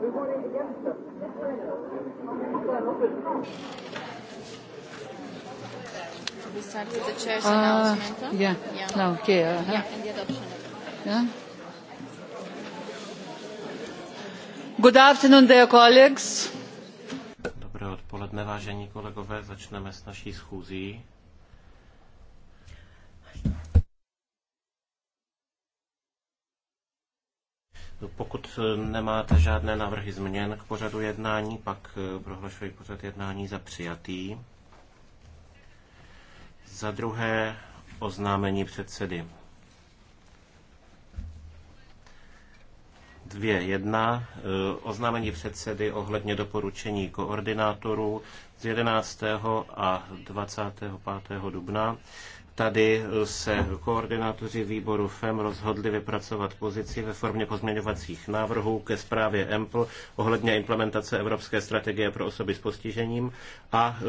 Uh, yeah. yeah. No, okay. Uh -huh. Yeah, and the adoption Yeah. Good afternoon, dear colleagues. Dobré odpoledne, vážení kolegové. Začneme s naší schůzí. Pokud eh, nemáte žádné návrhy změn k pořadu jednání, pak eh, prohlašuji pořad jednání za přijatý. Za druhé oznámení předsedy. Dvě jedna eh, Oznámení předsedy ohledně doporučení koordinátorů z 11. a 25. dubna Tady se koordinátoři výboru FEM rozhodli vypracovat pozici ve formě pozměňovacích návrhů ke zprávě EMPL ohledně implementace Evropské strategie pro osoby s postižením a e,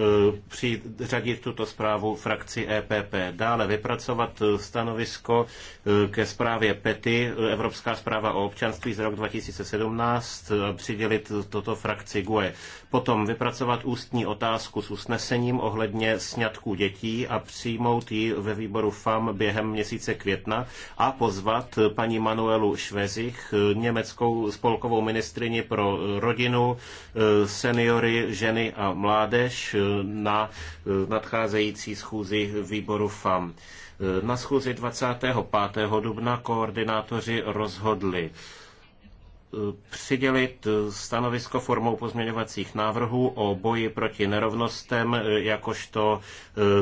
přiřadit tuto zprávu frakci EPP. Dále vypracovat e, stanovisko e, ke zprávě PETI, Evropská zpráva o občanství z rok 2017, přidělit toto frakci GUE. Potom vypracovat ústní otázku s usnesením ohledně sňatků dětí a přijmout ji ve výboru FAM během měsíce května a pozvat paní Manuelu Švezich, německou spolkovou ministrini pro rodinu, seniory, ženy a mládež na eh, nadcházející schůzi výboru FAM. Eh, na schůzi 25. dubna koordinátoři rozhodli přidělit stanovisko formou pozměňovacích návrhů o boji proti nerovnostem jakožto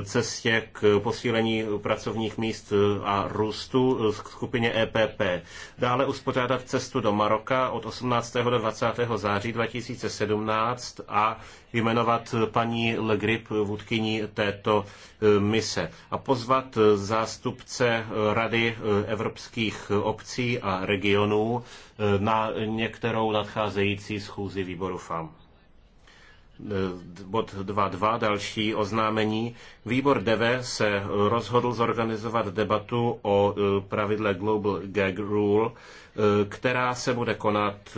eh, cestě k posílení pracovních míst eh, a růstu skupině EPP. Dále uspořádat cestu do Maroka od 18. do 20. září 2017 a jmenovat paní Le Grip vůdkyní této e, mise a pozvat zástupce Rady e, evropských obcí a regionů e, na některou nadcházející schůzi výboru FAM bod 2.2, další oznámení. Výbor DEVE se rozhodl zorganizovat debatu o pravidle Global Gag Rule, která se bude konat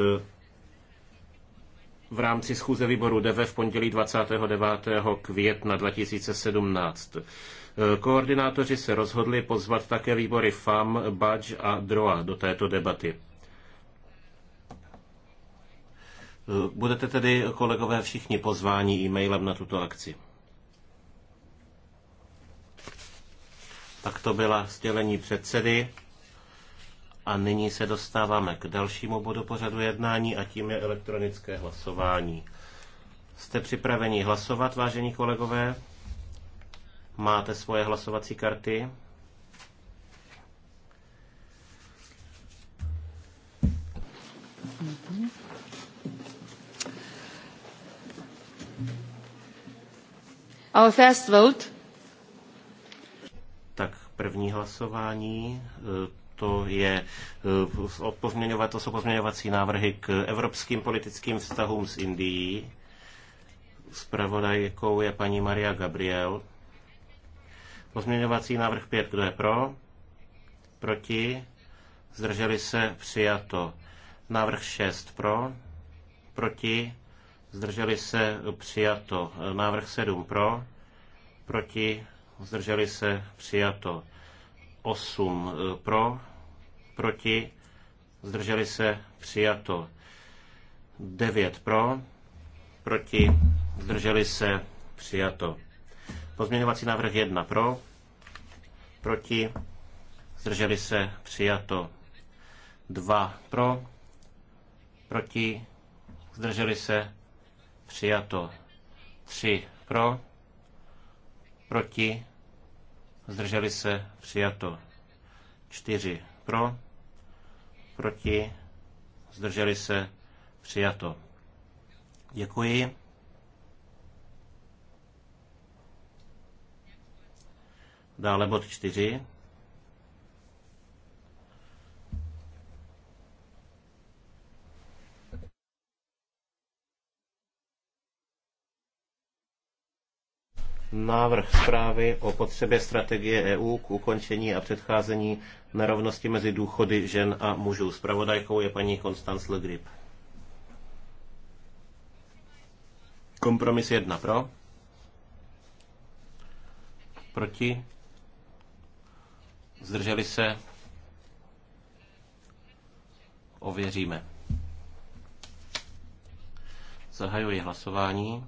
v rámci schůze výboru DEVE v pondělí 29. května 2017. Koordinátoři se rozhodli pozvat také výbory FAM, BAČ a DROA do této debaty. Budete tedy, kolegové, všichni pozváni e-mailem na tuto akci. Tak to byla sdělení předsedy. A nyní se dostáváme k dalšímu bodu pořadu jednání a tím je elektronické hlasování. Jste připraveni hlasovat, vážení kolegové? Máte svoje hlasovací karty? Our first vote. Tak první hlasování, eh, to, je, e, to jsou pozměňovací návrhy k evropským politickým vztahům s Indií. Spravodajkou je paní Maria Gabriel. Pozměňovací návrh 5, kdo je pro? Proti? Zdrželi se? Přijato. Návrh 6 pro? Proti? Zdrželi se? Přijato. Návrh 7 pro? Proti? Zdrželi se? Přijato. 8 e, pro? proti, zdrželi se, přijato. 9 pro, proti, zdrželi se, přijato. Pozměňovací návrh 1 pro, proti, zdrželi se, přijato. 2 pro, proti, zdrželi se, přijato. 3 pro, proti, zdrželi se, přijato. 4 pro, proti, zdrželi se, přijato. Děkuji. Dále bod 4. návrh zprávy o potřebě strategie EU k ukončení a předcházení nerovnosti mezi důchody žen a mužů. Spravodajkou je paní Konstanc Le Grip. Kompromis jedna pro. Proti. Zdrželi se. Ověříme. Zahajuji hlasování.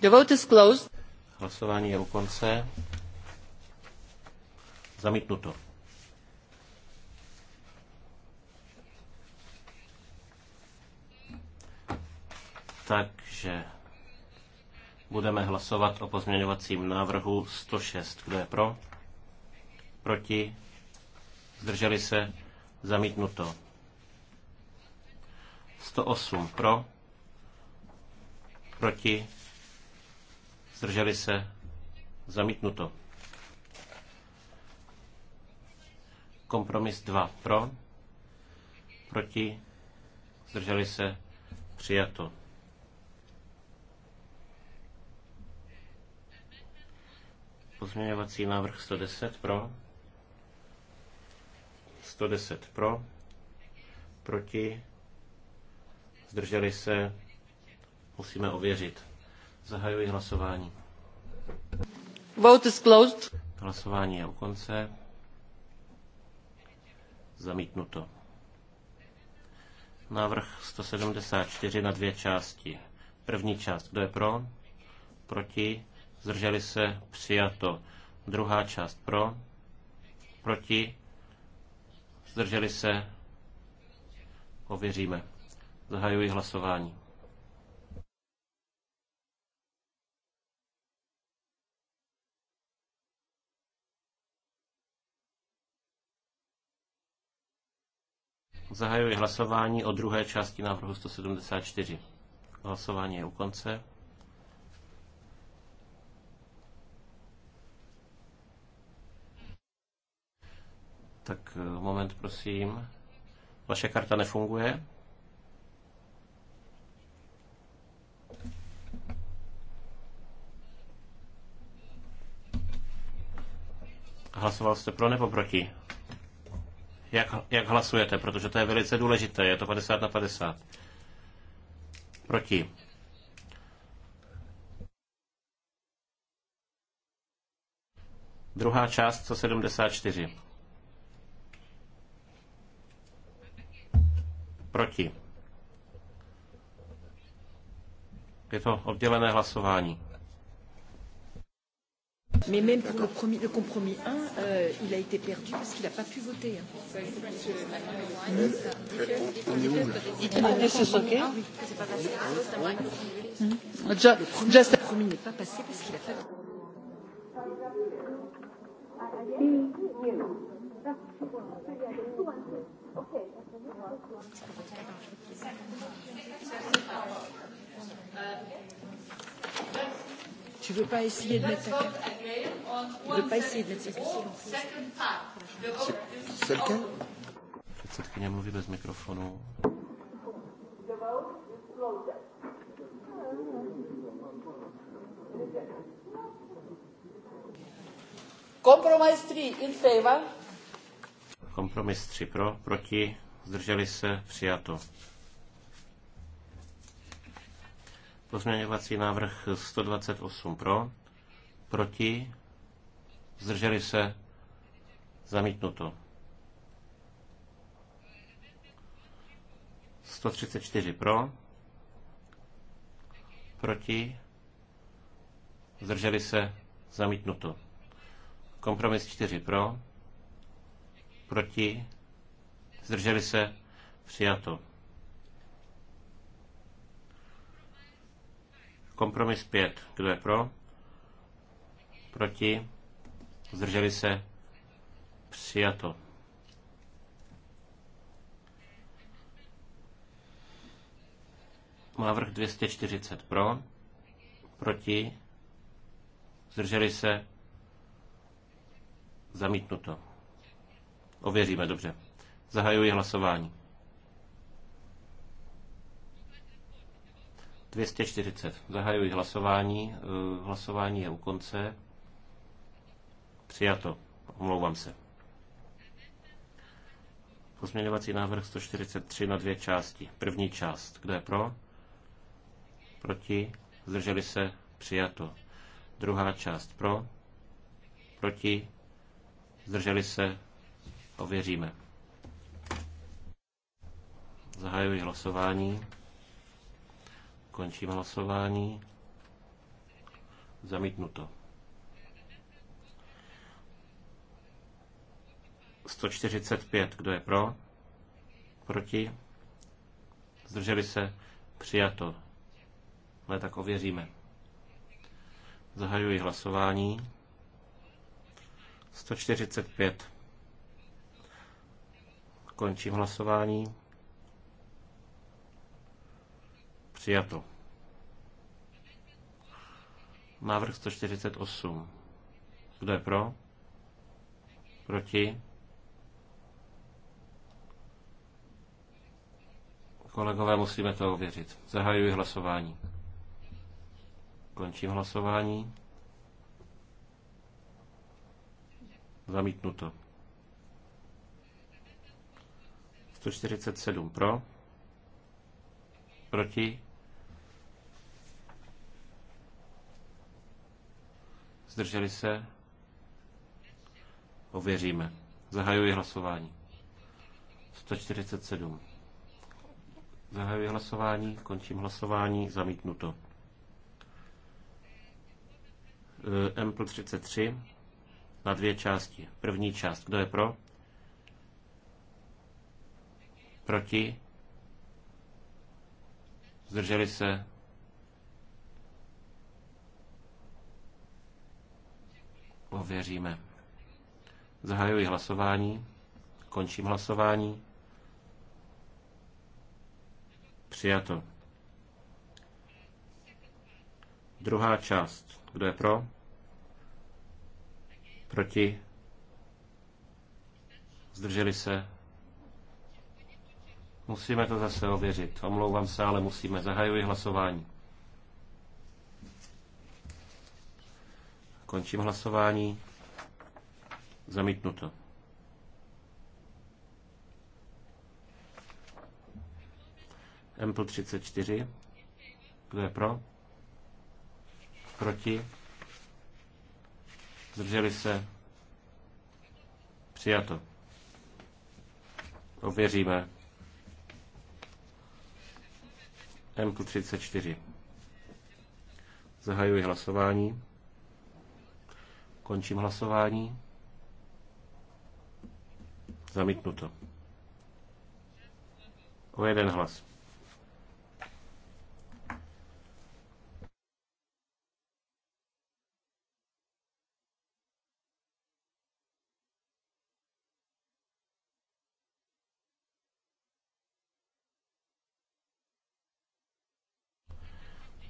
The vote is closed. Hlasování je u konce. Zamítnuto. Takže budeme hlasovat o pozměňovacím návrhu 106. Kdo je pro? Proti? Zdrželi se? Zamítnuto. 108 pro? Proti? Zdrželi se? Zamítnuto. Kompromis 2 pro. Proti? Zdrželi se? Přijato. Pozměňovací návrh 110 pro. 110 pro. Proti? Zdrželi se? Musíme ověřit. Zahajuji hlasování. Vote is closed. Hlasování je u konce. Zamítnuto. Návrh 174 na dvě části. První část, kdo je pro? Proti? Zdrželi se? Přijato. Druhá část pro? Proti? Zdrželi se? Ověříme. Zahajuji hlasování. Zahajuji hlasování o druhé části návrhu 174. Hlasování je u konce. Tak eh, moment, prosím. Vaše karta nefunguje? Hlasoval jste pro nebo proti? jak, jak hlasujete, protože to je velice důležité. Je to 50 na 50. Proti. Druhá část 174. Proti. Je to oddělené hlasování. Mais même pour le, promis, le compromis 1, euh, il a été perdu parce qu'il n'a pas pu voter. Euh, le compromis n'est pas passé parce qu'il a pas. Okay. Tu veux pas essayer de mettre ta carte Tu veux pas essayer de mettre ta carte C'est lequel Předsedkyně mluví bez mikrofonu. Kompromis 3 in favor. Kompromis 3 pro, proti, zdrželi se, přijato. Pozměňovací návrh 128 pro, proti, zdrželi se, zamítnuto. 134 pro, proti, zdrželi se, zamítnuto. Kompromis 4 pro, proti, zdrželi se, přijato. Kompromis 5. Kdo je pro? Proti? Zdrželi se? Přijato. Návrh 240 pro, proti, zdrželi se, zamítnuto. Ověříme, dobře. Zahajuji hlasování. 240. Zahajuji hlasování. Eh, hlasování je u konce. Přijato. Omlouvám se. Pozměňovací návrh 143 na dvě části. První část. Kdo je pro? Proti? Zdrželi se? Přijato. Druhá část. Pro? Proti? Zdrželi se? Ověříme. Zahajuji hlasování. Končím hlasování. Zamítnuto. 145. Kdo je pro? Proti? Zdrželi se? Přijato. Ale tak ověříme. Zahajuji hlasování. 145. Končím hlasování. Přijato. Návrh 148. Kdo je pro? Proti? Kolegové, musíme to ověřit. Zahajuji hlasování. Končím hlasování. Zamítnuto. 147 pro. Proti. Zdrželi se? Ověříme. Zahajuji hlasování. 147. Zahajuji hlasování, končím hlasování, zamítnuto. E, plus 33 na dvě části. První část, kdo je pro? Proti? Zdrželi se? ověříme. Zahajuji hlasování. Končím hlasování. Přijato. Druhá část. Kdo je pro? Proti? Zdrželi se? Musíme to zase ověřit. Omlouvám se, ale musíme. Zahajuji hlasování. Končím hlasování. Zamítnuto. Ample 34. Kdo je pro? Proti? Zdrželi se? Přijato. Ověříme. Ample 34. Zahajuji hlasování. Končím hlasování. Zamítnuto. O jeden hlas.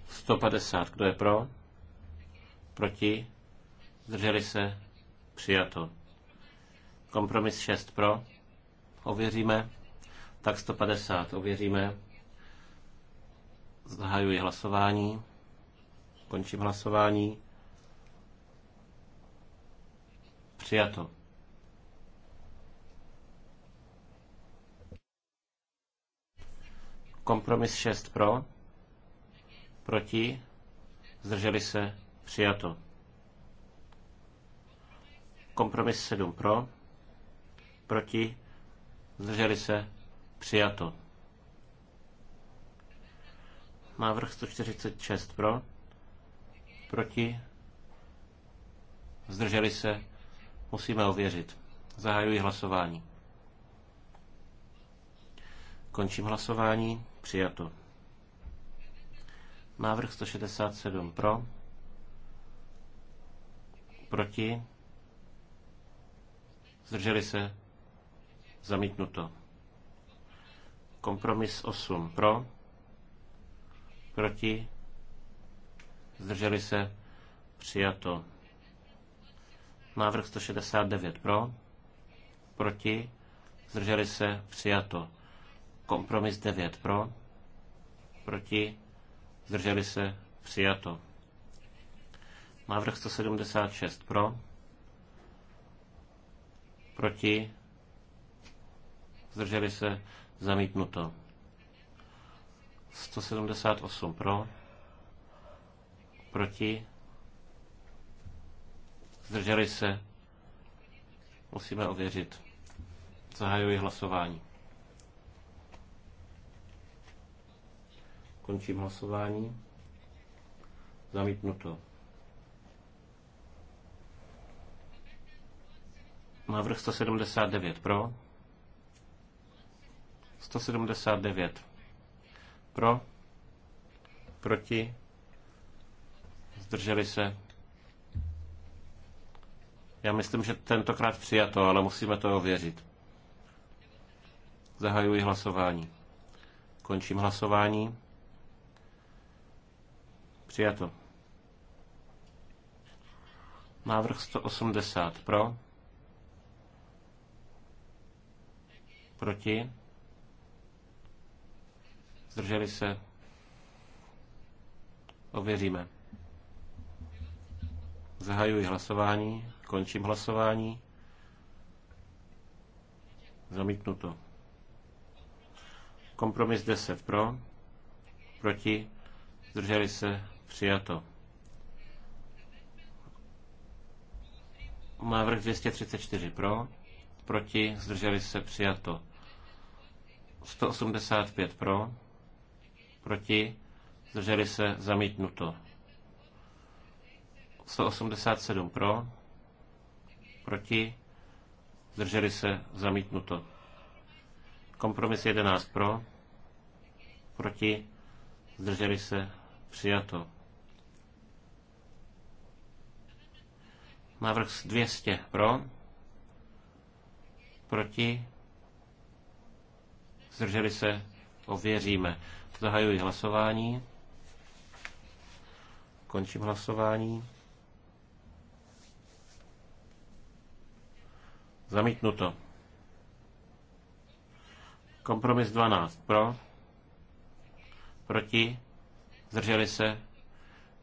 Sto padesát. Kdo je pro? Proti? Zdrželi se? Přijato. Kompromis 6 pro. Ověříme. Tak 150 ověříme. Zahajuji hlasování. Končím hlasování. Přijato. Kompromis 6 pro. Proti. Zdrželi se. Přijato. Kompromis 7 pro, proti, zdrželi se, přijato. Návrh 146 pro, proti, zdrželi se, musíme ověřit. Zahajuji hlasování. Končím hlasování, přijato. Návrh 167 pro, proti, Zdrželi se? Zamítnuto. Kompromis 8 pro. Proti? Zdrželi se? Přijato. Návrh 169 pro. Proti? Zdrželi se? Přijato. Kompromis 9 pro. Proti? Zdrželi se? Přijato. Návrh 176 pro Proti? Zdrželi se? Zamítnuto. 178 pro. Proti? Zdrželi se? Musíme ověřit. Zahajuji hlasování. Končím hlasování. Zamítnuto. Návrh 179 pro. 179 pro. Proti. Zdrželi se. Já myslím, že tentokrát přijato, ale musíme to ověřit. Zahajuji hlasování. Končím hlasování. Přijato. Návrh 180 pro. Proti? Zdrželi se? Ověříme. Zahajuji hlasování, končím hlasování. Zamítnuto. Kompromis 10 pro, proti, zdrželi se, přijato. Návrh 234 pro, proti, zdrželi se, přijato. 185 pro, proti, zdrželi se, zamítnuto. 187 pro, proti, zdrželi se, zamítnuto. Kompromis 11 pro, proti, zdrželi se, přijato. Návrh 200 pro, proti, zdrželi se, ověříme. Zahajuji hlasování. Končím hlasování. Zamítnuto. Kompromis 12. Pro. Proti. Zdrželi se.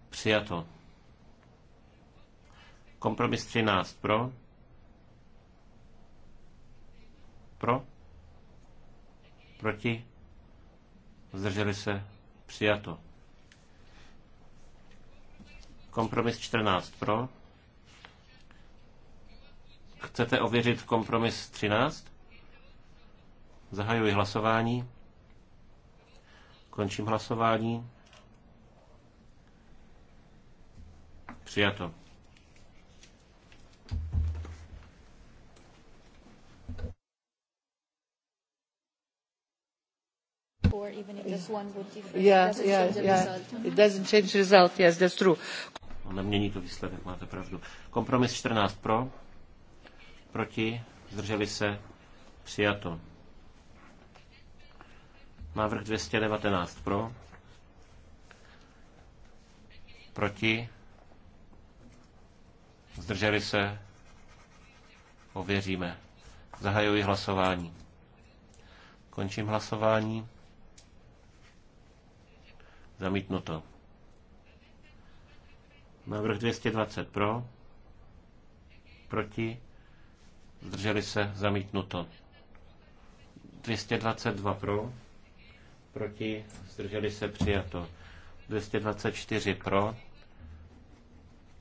Přijato. Kompromis 13. Pro. Pro. Proti? Zdrželi se? Přijato. Kompromis 14 pro. Chcete ověřit kompromis 13? Zahajuji hlasování. Končím hlasování. Přijato. it doesn't change result. yes, that's true. No, nemění to výsledek, máte pravdu. Kompromis 14 pro, proti, zdrželi se, přijato. Návrh 219 pro, proti, zdrželi se, ověříme. Zahajuji hlasování. Končím hlasování. Zamítnuto. Návrh 220 pro. Proti. Zdrželi se. Zamítnuto. 222 pro. Proti. Zdrželi se. Přijato. 224 pro.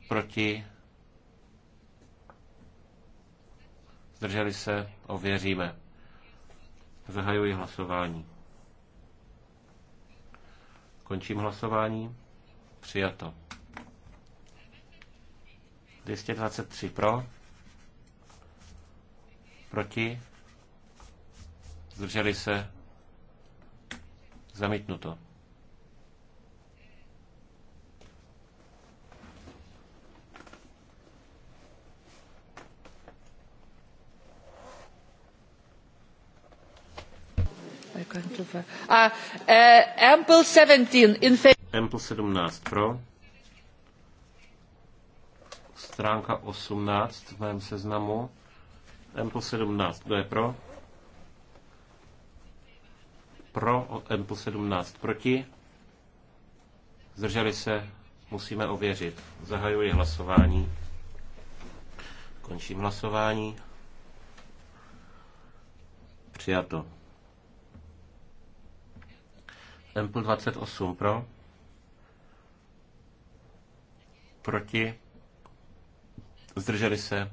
Proti. Zdrželi se. Ověříme. Zahajuji hlasování. Končím hlasování. Přijato. 223 pro. Proti. Zdrželi se. Zamítnuto. A 17 e, in Ample 17 pro. Stránka 18 v mém seznamu. Ample 17, kdo je pro? Pro Ample 17 proti. Zdrželi se, musíme ověřit. Zahajuji hlasování. Končím hlasování. Přijato. Empl 28 pro. Proti. Zdrželi se.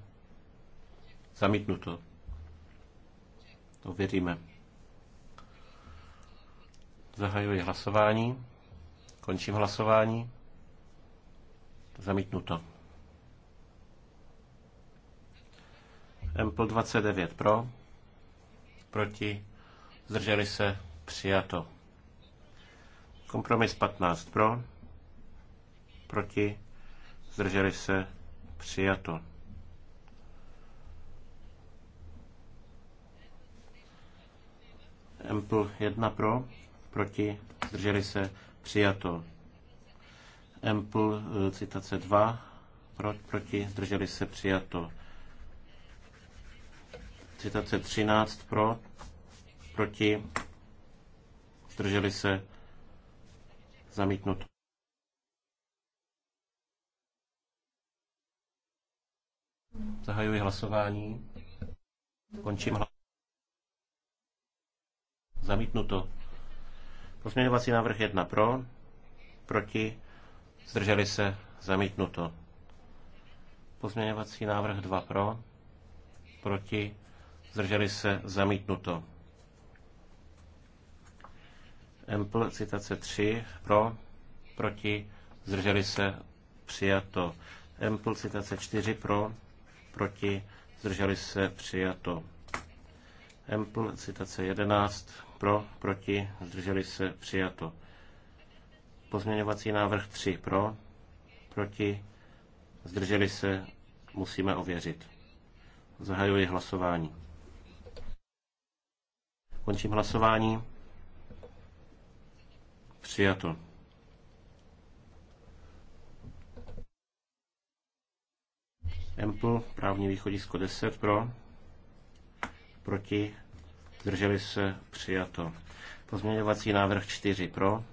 Zamítnuto. To věříme. Zahajuji hlasování. Končím hlasování. Zamítnuto. Empl 29 pro. Proti. Zdrželi se. Přijato. Kompromis 15 pro, proti, zdrželi se, přijato. Empl 1 pro, proti, zdrželi se, přijato. Empl eh, citace 2, pro, proti, zdrželi se, přijato. Citace 13 pro, proti, zdrželi se, přijato. Zamítnut. Zahajuji hlasování. Končím hlasování. Zamítnuto. Pozměňovací návrh 1 pro, proti, zdrželi se, zamítnuto. Pozměňovací návrh 2 pro, proti, zdrželi se, zamítnuto. Empl, citace 3, pro, proti, zdrželi se, přijato. Empl, citace 4, pro, proti, zdrželi se, přijato. Empl, citace 11, pro, proti, zdrželi se, přijato. Pozměňovací návrh 3, pro, proti, zdrželi se, musíme ověřit. Zahajuji hlasování. Končím hlasování. Přijato. Empl, právní východisko 10 pro, proti, zdrželi se, přijato. Pozměňovací návrh 4 pro,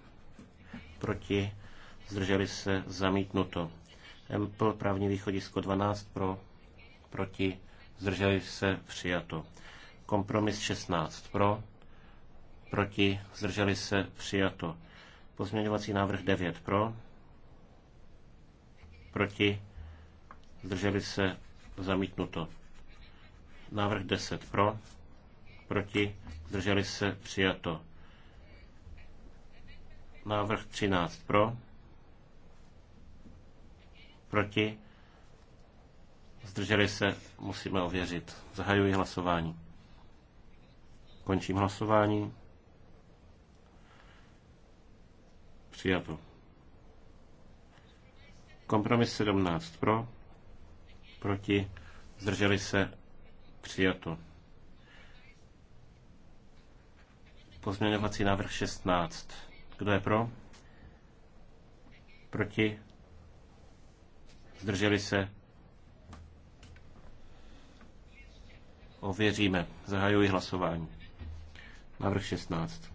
proti, zdrželi se, zamítnuto. Empl, právní východisko 12 pro, proti, zdrželi se, přijato. Kompromis 16 pro, proti, zdrželi se, přijato. Pozměňovací návrh 9 pro, proti, zdrželi se, zamítnuto. Návrh 10 pro, proti, zdrželi se, přijato. Návrh 13 pro, proti, zdrželi se, musíme ověřit. Zahajuji hlasování. Končím hlasování. Přijato. Kompromis 17 pro, proti, zdrželi se, přijato. Pozměňovací návrh 16. Kdo je pro? Proti? Zdrželi se? Ověříme. Zahajuji hlasování. Návrh 16.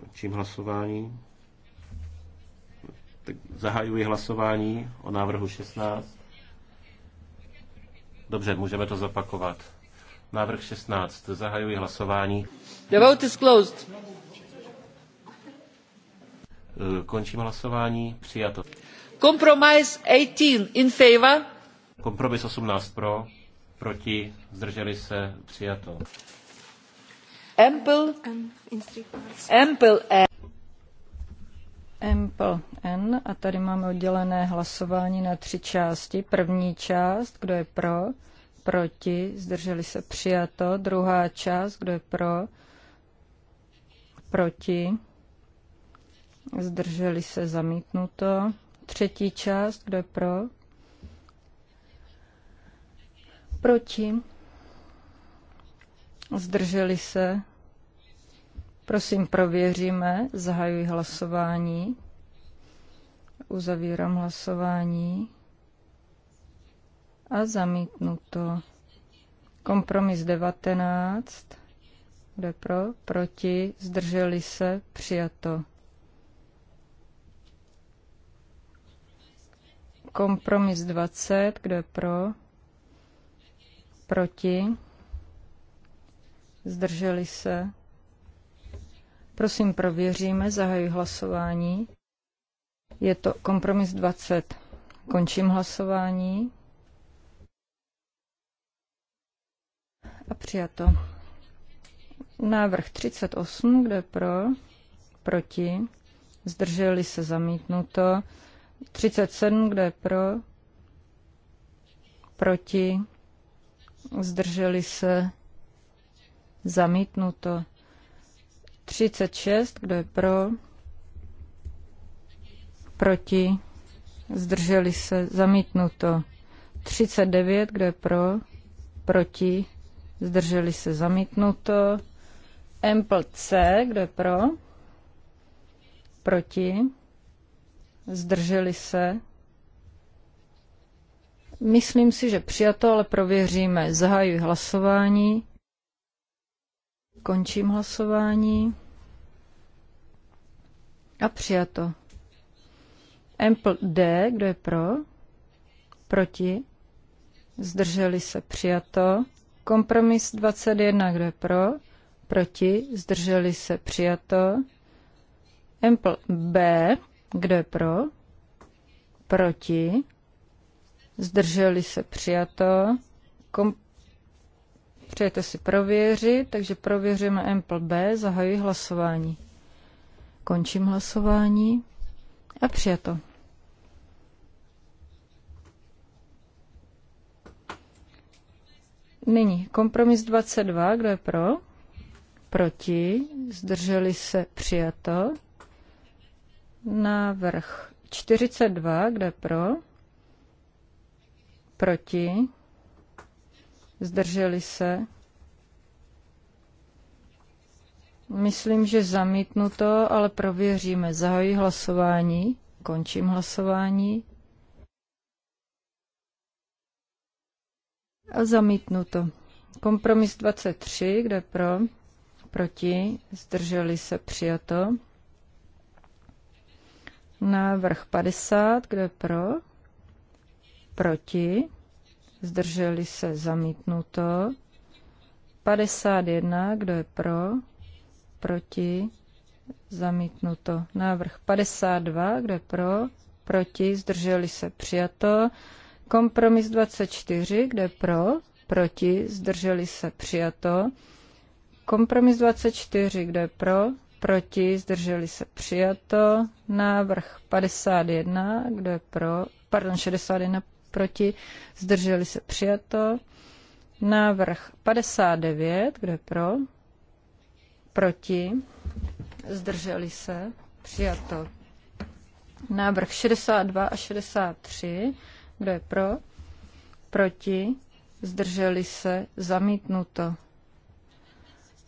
Končím hlasování. Tak zahajuji hlasování o návrhu 16. Dobře, můžeme to zopakovat. Návrh 16. Zahajuji hlasování. The vote is closed. Eh, končím hlasování. Přijato. Kompromis 18 in favor. Kompromis 18 pro, proti, zdrželi se, přijato. Ample, N a tady máme oddělené hlasování na tři části. První část, kdo je pro, proti, zdrželi se přijato. Druhá část, kdo je pro, proti, zdrželi se zamítnuto. Třetí část, kdo je pro, proti, Zdrželi se? Prosím, prověříme. Zahajuji hlasování. Uzavírám hlasování. A zamítnu to. Kompromis 19. Kde pro? Proti. Zdrželi se? Přijato. Kompromis 20. Kde pro? Proti Zdrželi se? Prosím, prověříme, zahajuji hlasování. Je to kompromis 20. Končím hlasování. A přijato. Návrh 38, kde pro, proti, zdrželi se zamítnuto. 37, kde pro, proti, zdrželi se zamítnuto. 36, kdo je pro, proti, zdrželi se, zamítnuto. 39, kdo je pro, proti, zdrželi se, zamítnuto. Empl C, kdo je pro, proti, zdrželi se. Myslím si, že přijato, ale prověříme. Zahajuji hlasování. Končím hlasování. A přijato. Ample D, kdo je pro? Proti? Zdrželi se přijato. Kompromis 21, kdo je pro? Proti? Zdrželi se přijato. Ample B, kdo je pro? Proti? Zdrželi se přijato. Kompromis Přejete si prověřit, takže prověříme Ample B, zahajuji hlasování. Končím hlasování a přijato. Nyní kompromis 22, kdo je pro? Proti, zdrželi se přijato. Návrh 42, kdo je pro? Proti, zdrželi se. Myslím, že zamítnu to, ale prověříme. Zahojí hlasování, končím hlasování. A zamítnu to. Kompromis 23, kde pro, proti, zdrželi se, přijato. Návrh 50, kde pro, proti, zdrželi se zamítnuto. 51, kdo je pro, proti, zamítnuto. Návrh 52, kdo je pro, proti, zdrželi se přijato. Kompromis 24, kde pro, proti, zdrželi se přijato. Kompromis 24, kde pro, proti, zdrželi se přijato. Návrh 51, kde pro, pardon, 61 proti, zdrželi se přijato. Návrh 59, kdo je pro, proti, zdrželi se přijato. Návrh 62 a 63, kdo je pro, proti, zdrželi se zamítnuto.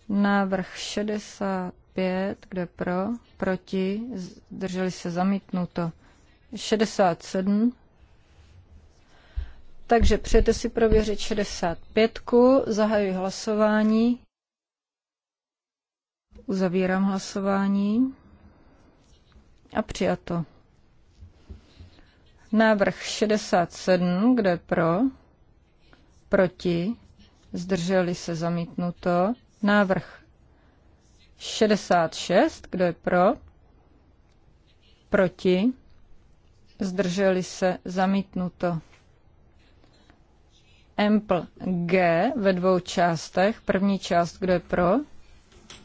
Návrh 65, kde pro, proti, zdrželi se zamítnuto. 67, takže přejete si prověřit 65. Zahajuji hlasování. Uzavírám hlasování. A přijato. Návrh 67, kde pro, proti, zdrželi se zamítnuto. Návrh 66, kdo je pro, proti, zdrželi se zamítnuto. Ample G ve dvou částech. První část, kdo je pro,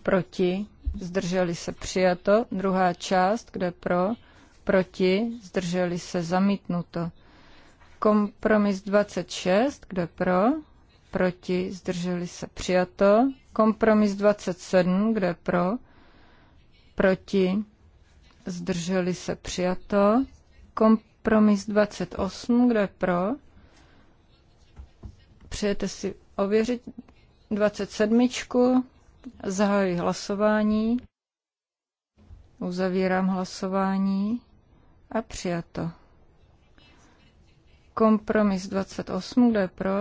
proti, zdrželi se přijato. Druhá část, kdo je pro, proti, zdrželi se zamítnuto. Kompromis 26, kdo je pro, proti, zdrželi se přijato. Kompromis 27, kdo je pro, proti, zdrželi se přijato. Kompromis 28, kdo je pro, Přejete si ověřit 27. Zahajuji hlasování. Uzavírám hlasování a přijato. Kompromis 28, kdo je pro?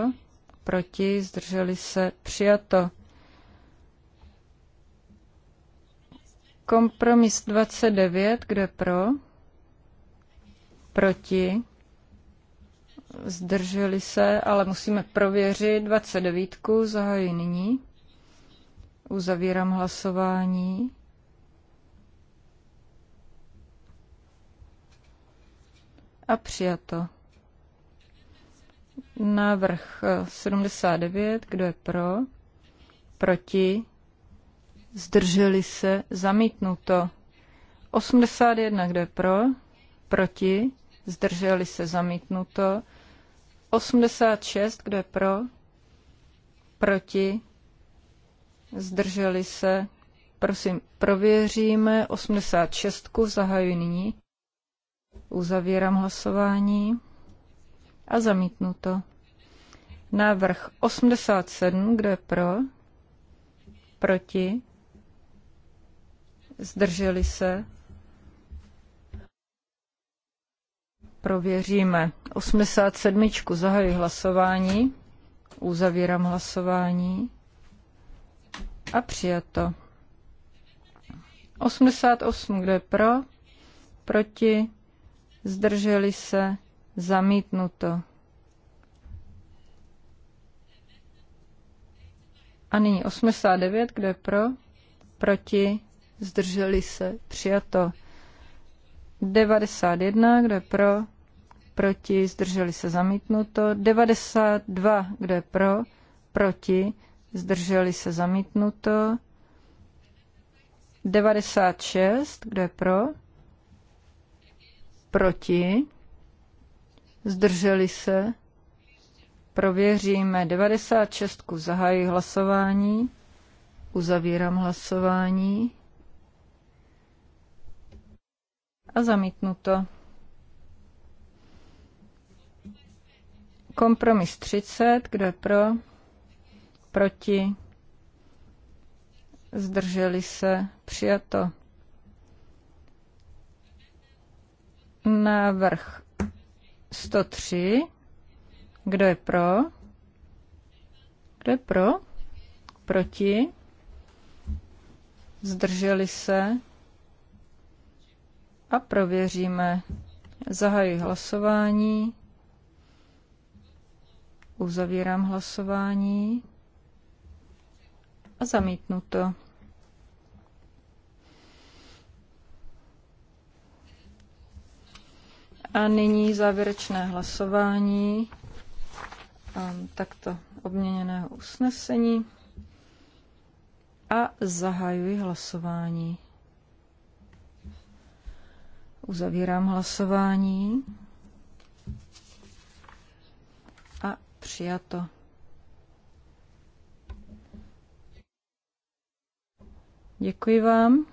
Proti, zdrželi se, přijato. Kompromis 29, kdo je pro? Proti, zdrželi se, ale musíme prověřit. 29. zahají nyní. Uzavírám hlasování. A přijato. Návrh 79. Kdo je pro? Proti? Zdrželi se? Zamítnuto. 81. Kdo je pro? Proti? Zdrželi se? Zamítnuto. 86, kdo je pro? Proti? Zdrželi se? Prosím, prověříme 86, zahajuji nyní. Uzavírám hlasování a zamítnu to. Návrh 87, kdo je pro? Proti? Zdrželi se? Prověříme. 87. Zahajuji hlasování. Uzavírám hlasování. A přijato. 88. Kdo je pro? Proti? Zdrželi se? Zamítnuto. A nyní 89. Kdo je pro? Proti? Zdrželi se? Přijato. 91, kdo je pro, proti, zdrželi se zamítnuto. 92, kdo je pro, proti, zdrželi se zamítnuto. 96, kdo je pro, proti, zdrželi se. Prověříme 96, zahají hlasování, uzavírám hlasování. a zamítnuto. Kompromis 30, kdo je pro, proti, zdrželi se, přijato. Návrh 103, kdo je pro, kdo je pro, proti, zdrželi se, a prověříme. Zahajuji hlasování. Uzavírám hlasování a zamítnu to. A nyní závěrečné hlasování takto obměněného usnesení a zahajuji hlasování. Uzavírám hlasování. A přijato. Děkuji vám.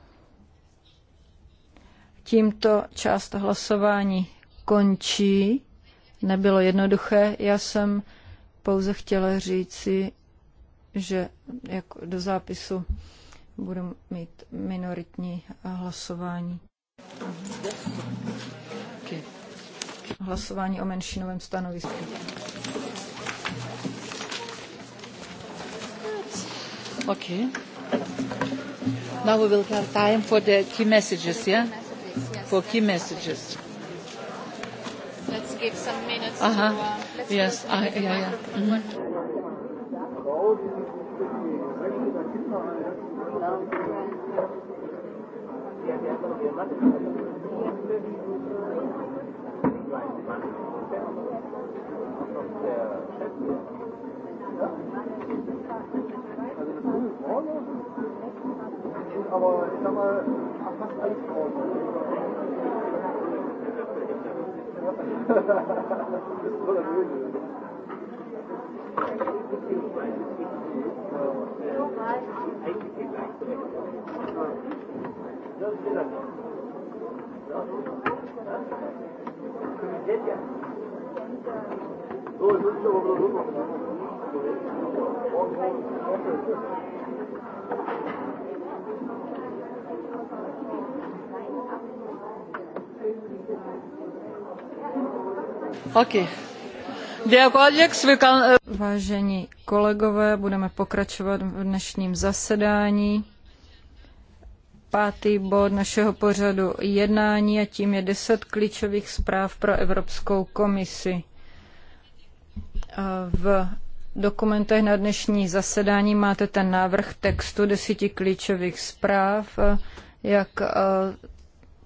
Tímto část hlasování končí. Nebylo jednoduché. Já jsem pouze chtěla říci, že jako do zápisu budu mít minoritní hlasování. Hlasování o menšinovém stanovisku. Okay. Now we will have time for the key messages, yeah? For key messages. Let's give some minutes uh -huh. to... Uh, let's yes, uh, yeah, yeah. Mm -hmm. Aber ich sag mal, fast alles draußen. Okay. Uh, Vážení kolegové, budeme pokračovat v dnešním zasedání pátý bod našeho pořadu jednání a tím je deset klíčových zpráv pro Evropskou komisi. V dokumentech na dnešní zasedání máte ten návrh textu deseti klíčových zpráv, jak e,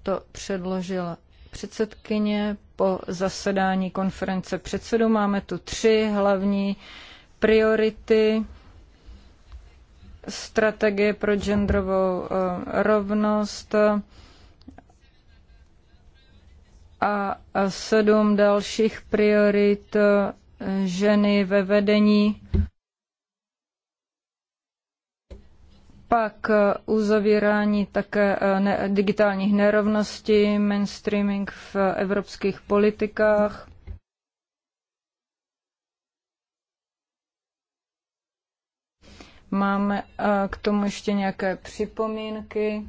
to předložila předsedkyně po zasedání konference předsedů. Máme tu tři hlavní priority strategie pro genderovou eh, rovnost a sedm dalších priorit eh, ženy ve vedení. Pak eh, uzavírání také digitálních nerovností, mainstreaming v evropských politikách Máme eh, k tomu ještě nějaké připomínky.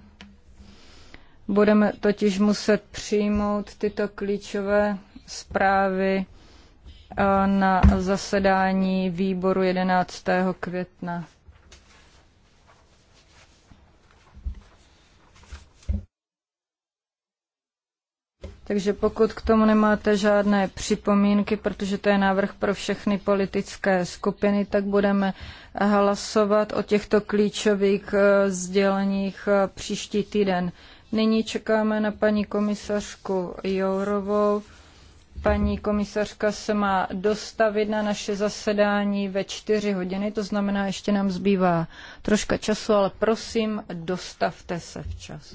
Budeme totiž muset přijmout tyto klíčové zprávy eh, na zasedání výboru 11. května. Takže pokud k tomu nemáte žádné připomínky, protože to je návrh pro všechny politické skupiny, tak budeme hlasovat o těchto klíčových eh, sděleních eh, příští týden. Nyní čekáme na paní komisařku Jourovou. Paní komisařka se má dostavit na naše zasedání ve čtyři hodiny, to znamená, ještě nám zbývá troška času, ale prosím, dostavte se včas.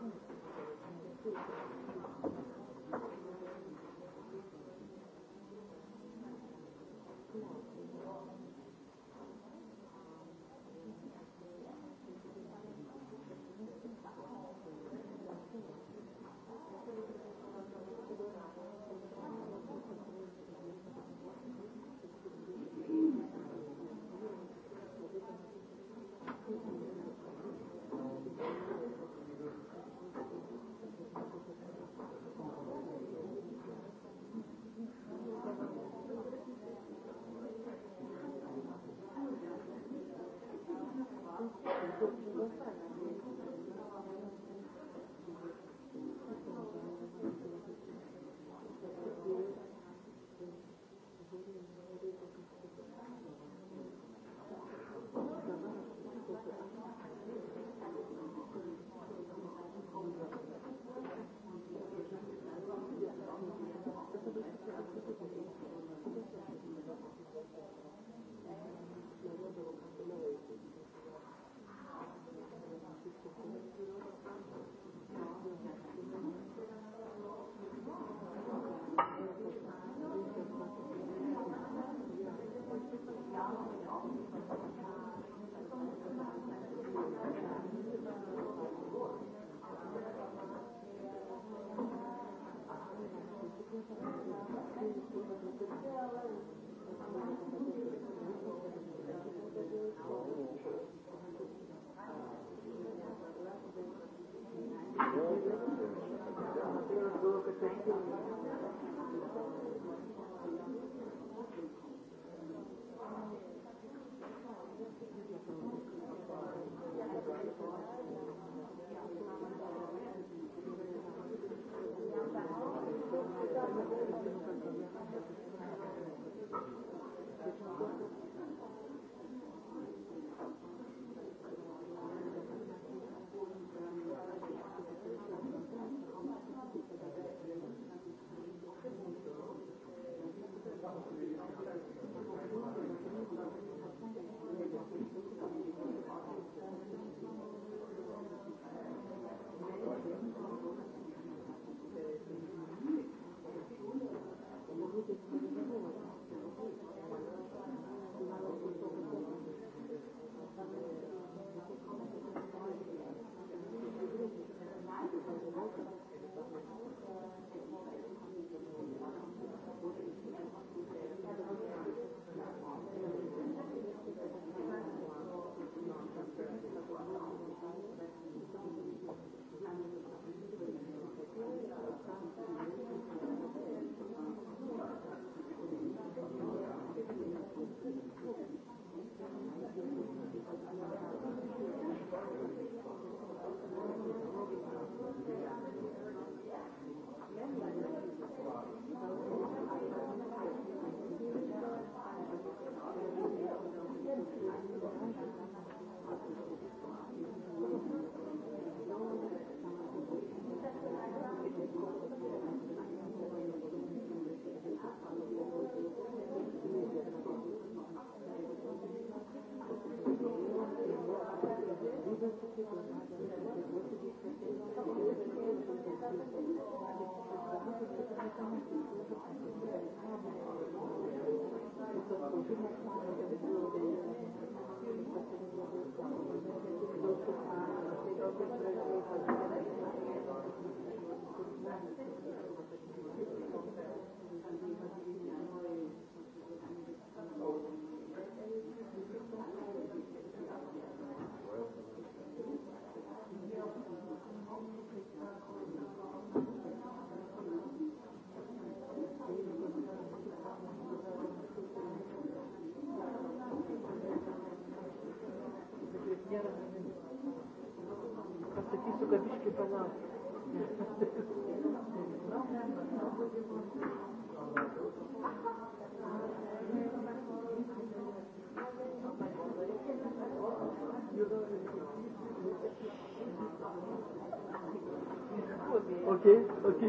Thank you. Okay, okay.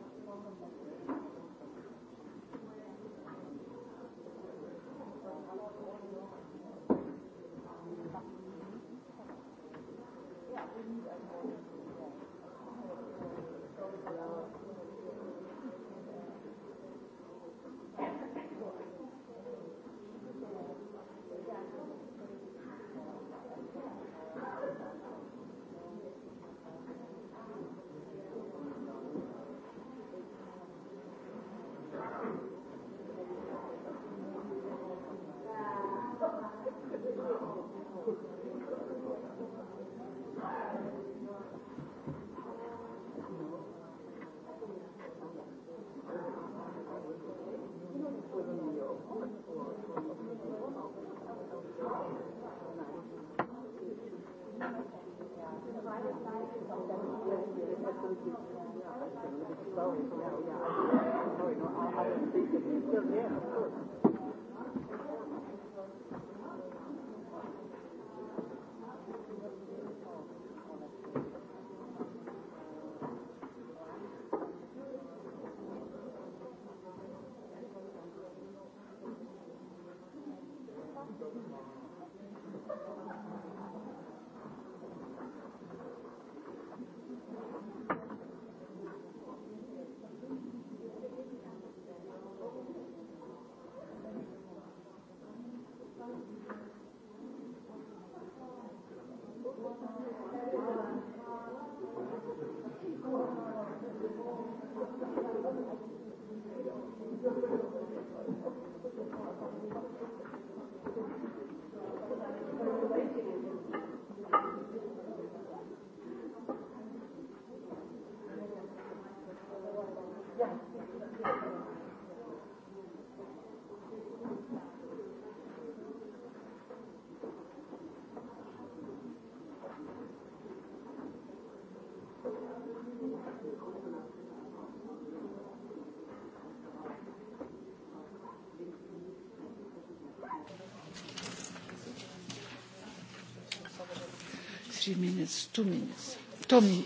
minutes, two minutes, two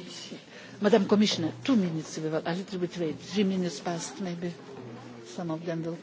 Madam Commissioner, two minutes, we a little bit late, three minutes past maybe. Some of them will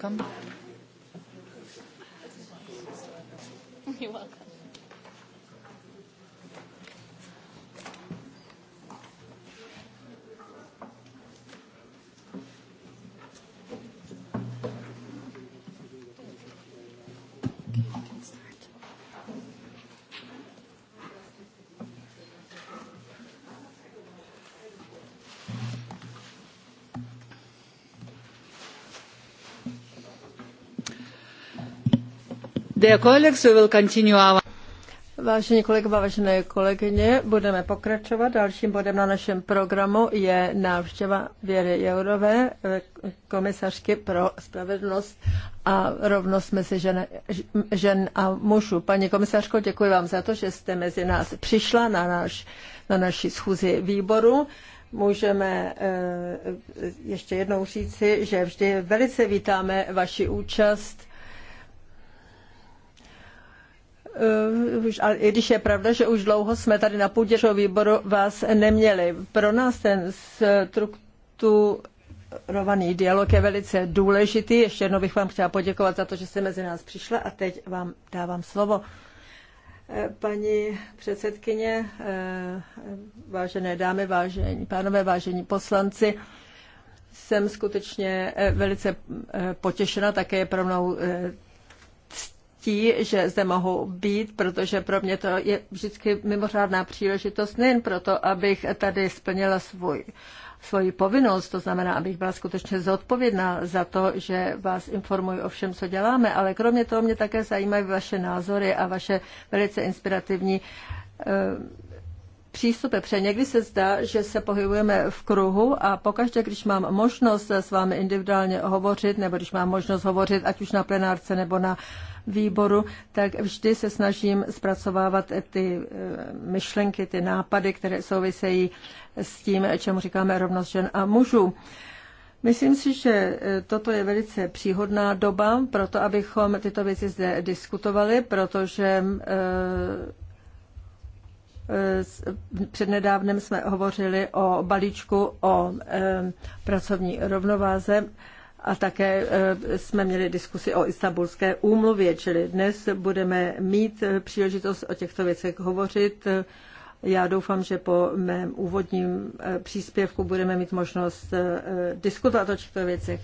Vážení kolegové, vážené kolegyně, budeme pokračovat. Dalším bodem na našem programu je návštěva Věry Jourové, komisařky pro spravedlnost a rovnost mezi žen, žen a mužů. Paní komisařko, děkuji vám za to, že jste mezi nás přišla na, naš, na naši schůzi výboru můžeme eh, ještě jednou říci, že vždy velice vítáme vaši účast i eh, eh, když je pravda, že už dlouho jsme tady na půdě výboru vás neměli. Pro nás ten strukturovaný dialog je velice důležitý. Ještě jednou bych vám chtěla poděkovat za to, že jste mezi nás přišla a teď vám dávám slovo. Eh, paní předsedkyně, vážené dámy, vážení pánové, vážení poslanci, jsem skutečně velice potěšena, také je pro mnou ctí, že zde mohu být, protože pro mě to je vždycky mimořádná příležitost, nejen proto, abych tady splnila svůj svoji povinnost, to znamená, abych byla skutečně zodpovědná za to, že vás informuji o všem, co děláme, ale kromě toho mě také zajímají vaše názory a vaše velice inspirativní eh, přístupy, protože někdy se zdá, že se pohybujeme v kruhu a pokaždé, když mám možnost s vámi individuálně hovořit, nebo když mám možnost hovořit ať už na plenárce nebo na výboru, tak vždy se snažím zpracovávat ty eh, myšlenky, ty nápady, které souvisejí s tím, čemu říkáme rovnost žen a mužů. Myslím si, že eh, toto je velice příhodná doba pro to, abychom tyto věci zde diskutovali, protože eh, Přednedávnem jsme hovořili o balíčku o pracovní rovnováze a také eh, jsme měli diskusi o istambulské úmluvě, čili dnes budeme mít eh, příležitost o těchto věcech hovořit. Já doufám, že po mém úvodním eh, příspěvku budeme mít možnost diskutovat o těchto věcech.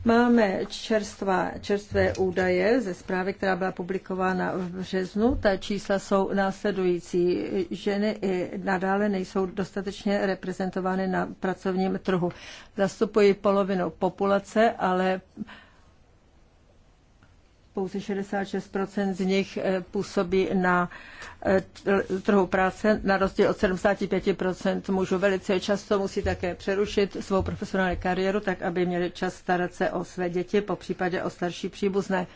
Máme čerstvá, čerstvé údaje ze zprávy, která byla publikována v březnu. Ta čísla jsou následující. Ženy i nadále nejsou dostatečně reprezentovány na pracovním trhu. Zastupují polovinu populace, ale pouze 66 z nich eh, působí na eh, trhu práce, na rozdíl od 75 mužů. Velice často musí také přerušit svou profesionální kariéru, tak aby měli čas starat se o své děti, po případě o starší příbuzné.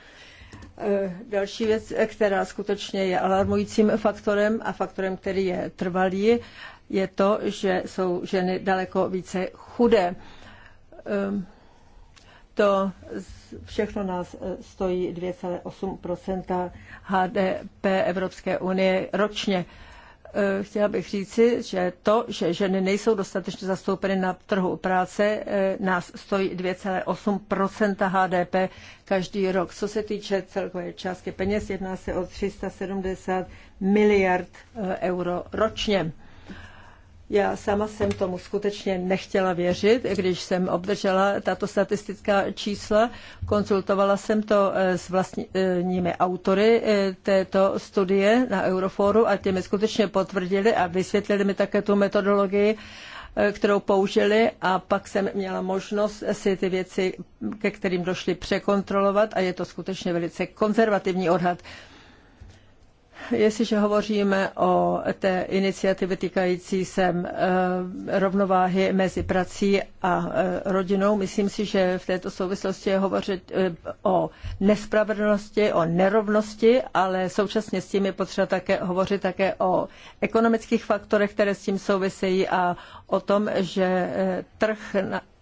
Eh, další věc, která skutečně je alarmujícím faktorem a faktorem, který je trvalý, je to, že jsou ženy daleko více chudé. Um, to všechno nás e, stojí 2,8 HDP Evropské unie ročně. E, chtěla bych říci, že to, že ženy nejsou dostatečně zastoupeny na trhu práce, e, nás stojí 2,8 HDP každý rok. Co se týče celkové částky peněz, jedná se o 370 miliard euro ročně. Já sama jsem tomu skutečně nechtěla věřit, když jsem obdržela tato statistická čísla. Konzultovala jsem to eh, s vlastními autory eh, této studie na Euroforu a ti mi skutečně potvrdili a vysvětlili mi také tu metodologii, eh, kterou použili a pak jsem měla možnost si ty věci, ke kterým došli, překontrolovat a je to skutečně velice konzervativní odhad. Jestliže hovoříme o té iniciativě týkající se eh, rovnováhy mezi prací a eh, rodinou, myslím si, že v této souvislosti je hovořit eh, o nespravedlnosti, o nerovnosti, ale současně s tím je potřeba také hovořit také o ekonomických faktorech, které s tím souvisejí a o tom, že trh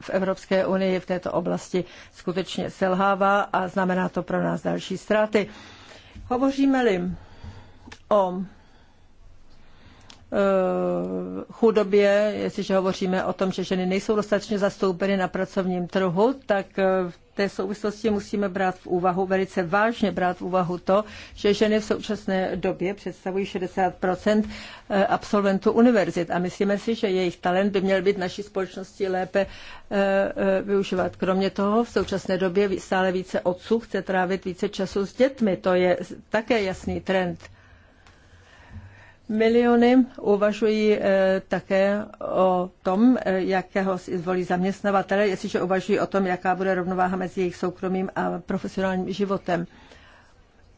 v Evropské unii v této oblasti skutečně selhává a znamená to pro nás další ztráty. Hovoříme-li o e, chudobě, jestliže hovoříme o tom, že ženy nejsou dostatečně zastoupeny na pracovním trhu, tak e, v té souvislosti musíme brát v úvahu, velice vážně brát v úvahu to, že ženy v současné době představují 60 e, absolventů univerzit a myslíme si, že jejich talent by měl být naší společnosti lépe využívat. Kromě toho v současné době stále více otců chce trávit více času s dětmi. To je také jasný trend miliony. Uvažují eh, také o tom, eh, jakého si zvolí zaměstnavatele, jestliže uvažují o tom, jaká bude rovnováha mezi jejich soukromým a profesionálním životem.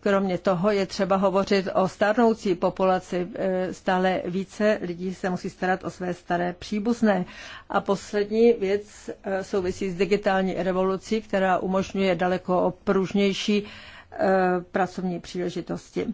Kromě toho je třeba hovořit o starnoucí populaci. Eh, stále více lidí se musí starat o své staré příbuzné. A poslední věc souvisí s digitální revolucí, která umožňuje daleko pružnější pracovní příležitosti.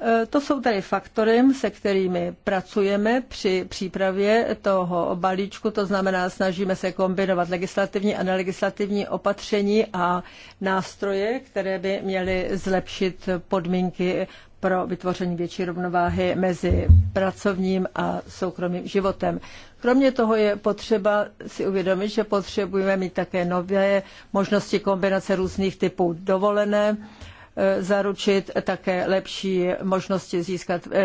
Eh, to jsou tedy faktory, se kterými pracujeme při přípravě toho balíčku, to znamená, snažíme se kombinovat legislativní a nelegislativní opatření a nástroje, které by měly zlepšit podmínky pro vytvoření větší rovnováhy mezi pracovním a soukromým životem. Kromě toho je potřeba si uvědomit, že potřebujeme mít také nové možnosti kombinace různých typů dovolené, Eh, zaručit také lepší možnosti získat eh,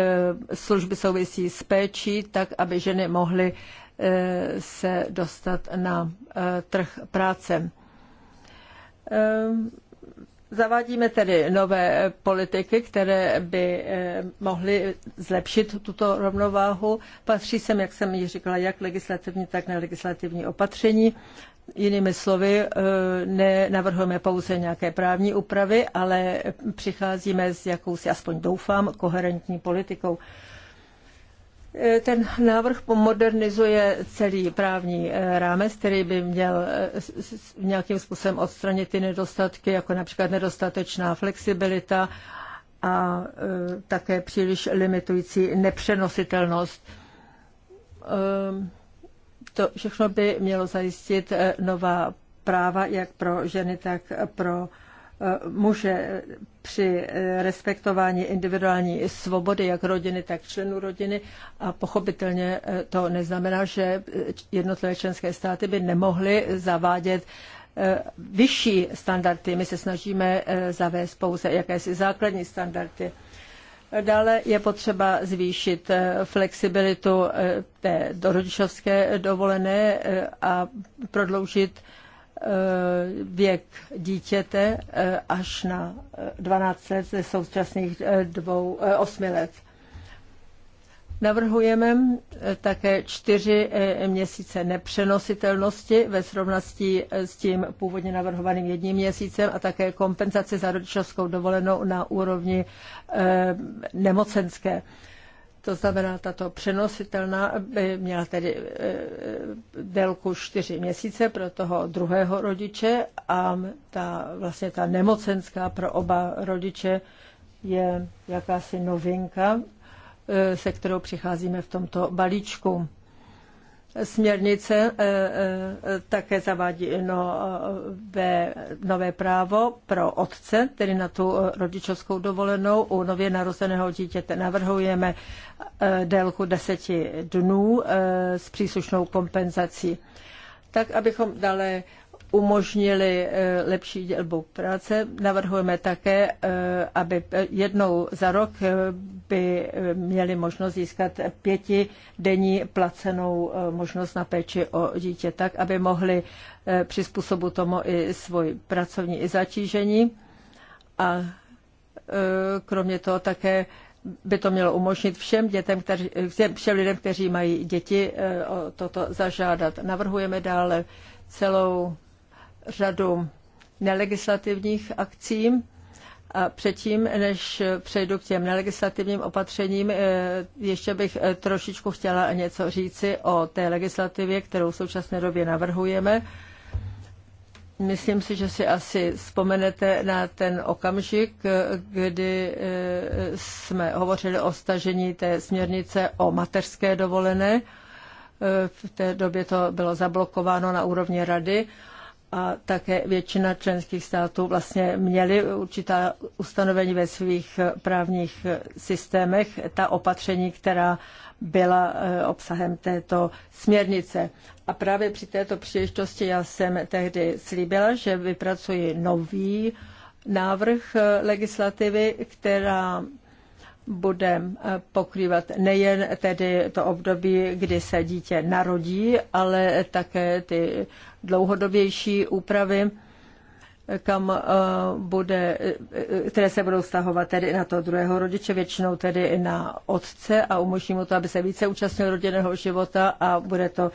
služby souvisí s péčí, tak aby ženy mohly eh, se dostat na trh práce. Zavádíme tedy nové politiky, které by mohly zlepšit tuto rovnováhu. Patří sem, jak jsem ji říkala, jak legislativní, tak nelegislativní opatření. Jinými slovy, eh, nenavrhujeme pouze nějaké právní úpravy, ale přicházíme s jakousi, aspoň doufám, koherentní politikou. Eh, ten návrh modernizuje celý právní eh, rámec, který by měl nějakým způsobem odstranit ty nedostatky, jako například nedostatečná flexibilita a také příliš limitující nepřenositelnost. To všechno by mělo zajistit eh, nová práva jak pro ženy, tak pro eh, muže při eh, respektování individuální svobody jak rodiny, tak členů rodiny a pochopitelně to neznamená, že jednotlivé členské státy by nemohly zavádět vyšší standardy. My se snažíme zavést pouze jakési základní standardy. Dále je potřeba zvýšit eh, flexibilitu eh, té rodičovské dovolené eh, a prodloužit věk dítěte až na 12 let ze současných dvou, 8 let. Navrhujeme eh, také čtyři eh, měsíce nepřenositelnosti ve srovnosti eh, s tím původně navrhovaným jedním měsícem a také kompenzaci za rodičovskou dovolenou na úrovni nemocenské. To znamená, tato přenositelná by měla tedy délku čtyři měsíce pro toho druhého rodiče a ta, vlastně ta nemocenská pro oba rodiče je jakási novinka Eh, se kterou přicházíme v tomto balíčku. Směrnice eh, eh, také zavádí nové, nové právo pro otce, tedy na tu rodičovskou dovolenou. U nově narozeného dítěte navrhujeme délku deseti dnů s příslušnou kompenzací. Tak, abychom dále umožnili eh, lepší dělbu práce. Navrhujeme také, eh, aby jednou za rok eh, by měli možnost získat pěti denní placenou možnost na péči o dítě, tak aby mohli přizpůsobit tomu i svůj pracovní i zatížení. A kromě toho také by to mělo umožnit všem dětem, kteří, všem lidem, kteří mají děti, o toto zažádat. Navrhujeme dále celou řadu nelegislativních akcí. A předtím, než přejdu k těm nelegislativním opatřením, eh, ještě bych eh, trošičku chtěla něco říci o té legislativě, kterou v současné době navrhujeme. Myslím si, že si asi vzpomenete na ten okamžik, eh, kdy jsme hovořili o stažení té směrnice o mateřské dovolené. V té době to bylo zablokováno na úrovni rady a také většina členských států vlastně měly určitá ustanovení ve svých eh, právních eh, systémech, ta opatření, která byla eh, obsahem této směrnice. A právě při této příležitosti já jsem tehdy slíbila, že vypracuji nový návrh legislativy, která bude eh, pokrývat nejen tedy to období, kdy se dítě narodí, ale také ty dlouhodobější úpravy, kam eh, bude, eh, které se budou stahovat tedy na to druhého rodiče, většinou tedy i na otce a umožní mu to, aby se více účastnil rodinného života a bude to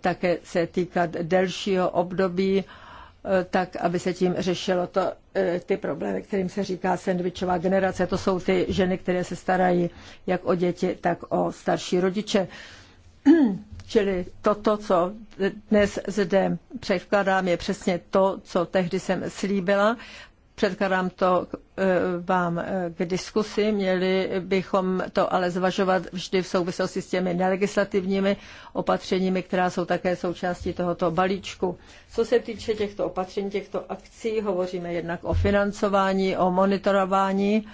také se týkat delšího období Eh, tak aby se tím řešilo to, eh, ty problémy, kterým se říká sandvičová generace. To jsou ty ženy, které se starají jak o děti, tak o starší rodiče. Čili toto, co dnes zde předkládám, je přesně to, co tehdy jsem slíbila předkladám to eh, vám eh, k diskusi. Měli bychom to ale zvažovat vždy v souvislosti s těmi nelegislativními opatřeními, která jsou také součástí tohoto balíčku. Co se týče těchto opatření, těchto akcí, hovoříme jednak o financování, o monitorování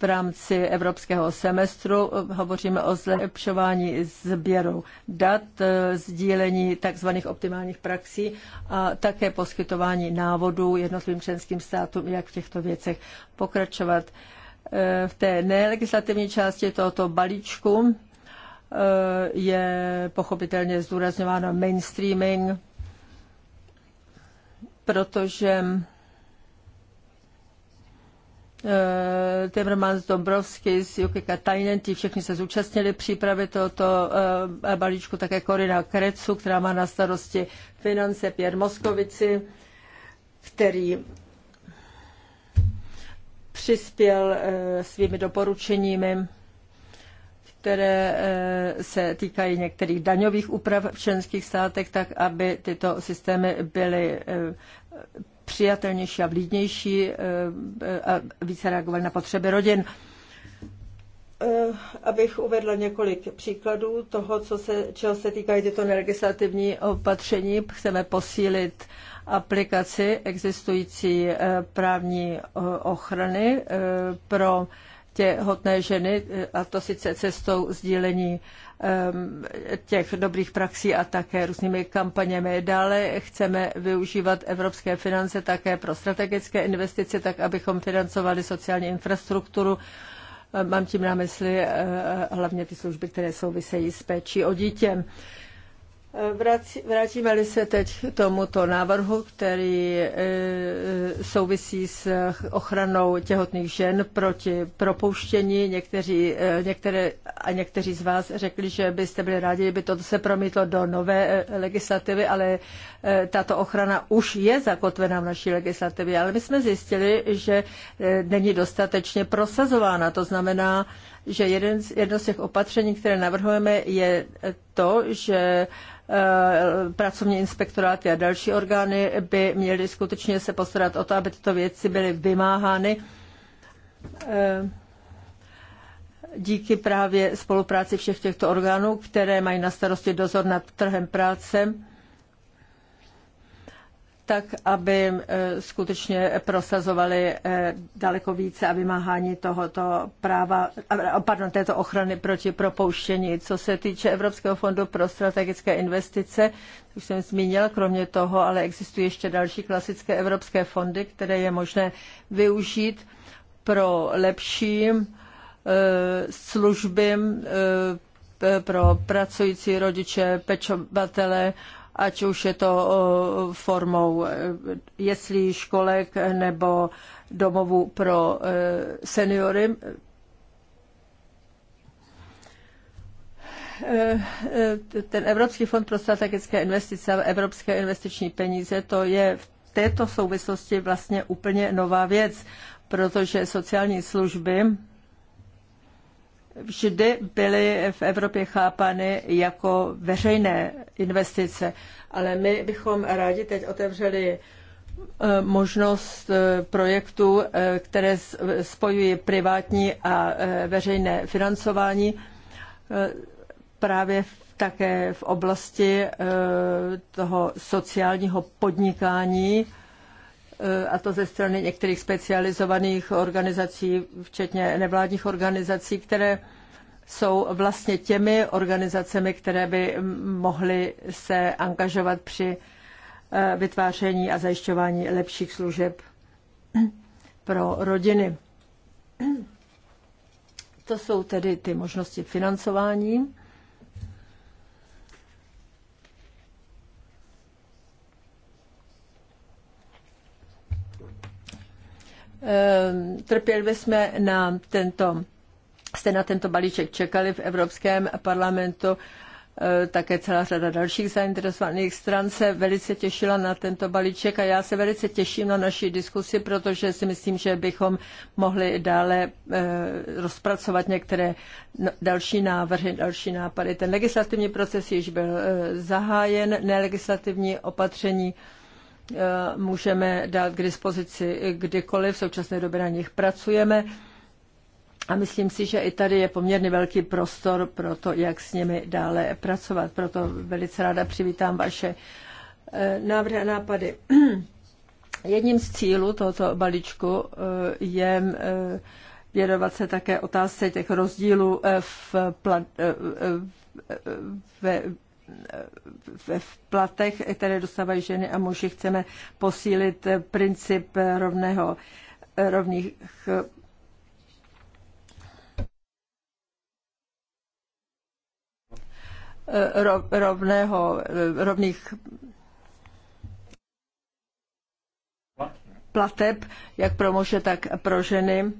v rámci evropského semestru. Hovoříme o zlepšování sběru dat, e, sdílení tzv. optimálních praxí a také poskytování návodů jednotlivým členským státům, jak v těchto věcech pokračovat. E, v té nelegislativní části tohoto balíčku e, je pochopitelně zdůrazňováno mainstreaming, protože Eh, Timmermans, Dombrovský, Juki Tajnen, ti všichni se zúčastnili přípravy tohoto eh, balíčku, také Korina Krecu, která má na starosti finance, Pierre Moskovici, který přispěl eh, svými doporučeními které se týkají některých daňových úprav v členských státech, tak aby tyto systémy byly přijatelnější a vlídnější eh, eh, a více reagovali na potřeby rodin. Eh, abych uvedla několik příkladů toho, co se, čeho se týkají tyto nelegislativní opatření, chceme posílit aplikaci existující právní ochrany pro těhotné ženy, a to sice cestou sdílení těch dobrých praxí a také různými kampaněmi. Dále chceme využívat evropské finance také pro strategické investice, tak abychom financovali sociální infrastrukturu. Mám tím na mysli eh, hlavně ty služby, které souvisejí s péčí o dítě. Vrátíme-li se teď k tomuto návrhu, který e, e, souvisí s ochranou těhotných žen proti propouštění. Někteří, e, některé, a někteří z vás řekli, že byste byli rádi, kdyby to se promítlo do nové legislativy, ale tato ochrana už je zakotvena v naší legislativě. Ale my jsme zjistili, že není dostatečně prosazována. To znamená, že jeden z, jedno z těch opatření, které navrhujeme, je to, že Eh, pracovní inspektoráty a další orgány by měly skutečně se postarat o to, aby tyto věci byly vymáhány eh, díky právě spolupráci všech těchto orgánů, které mají na starosti dozor nad trhem práce tak aby e, skutečně prosazovali e, daleko více a vymáhání tohoto práva, pardon, této ochrany proti propouštění. Co se týče Evropského fondu pro strategické investice, už jsem zmínila, kromě toho, ale existují ještě další klasické evropské fondy, které je možné využít pro lepší e, služby pro pracující rodiče, pečovatele, ať už je to formou e, jeslí, školek nebo domovů pro e, seniory. E, ten Evropský fond pro strategické investice a evropské investiční peníze, to je v této souvislosti vlastně úplně nová věc, protože sociální služby vždy byly v Evropě chápány jako veřejné investice, ale my bychom rádi teď otevřeli eh, možnost eh, projektů, eh, které spojují privátní a veřejné financování právě také v oblasti toho sociálního podnikání Eh, a to ze strany některých specializovaných organizací, včetně nevládních organizací, které jsou vlastně těmi organizacemi, které by mohly se angažovat při eh, vytváření a zajišťování lepších služeb pro rodiny. To jsou tedy ty možnosti financování. Ehm, trpělivě jsme na tento, jste na tento balíček čekali v Evropském parlamentu. Ehm, také celá řada dalších zainteresovaných stran se velice těšila na tento balíček a já se velice těším na naší diskusi, protože si myslím, že bychom mohli dále ehm, rozpracovat některé no, další návrhy, další nápady. Ten legislativní proces již byl zahájen, nelegislativní opatření Eh, můžeme dát k dispozici kdykoliv, v současné době na nich pracujeme. A myslím si, že i tady je poměrně velký prostor pro to, jak s nimi dále pracovat. Proto velice ráda přivítám vaše eh, návrhy a nápady. Jedním z cílů tohoto balíčku eh, je věnovat se také otázce těch rozdílů v plat, v v platech, které dostávají ženy a muži, chceme posílit princip rovného, rovných rovného, rovných plateb, jak pro muže, tak pro ženy.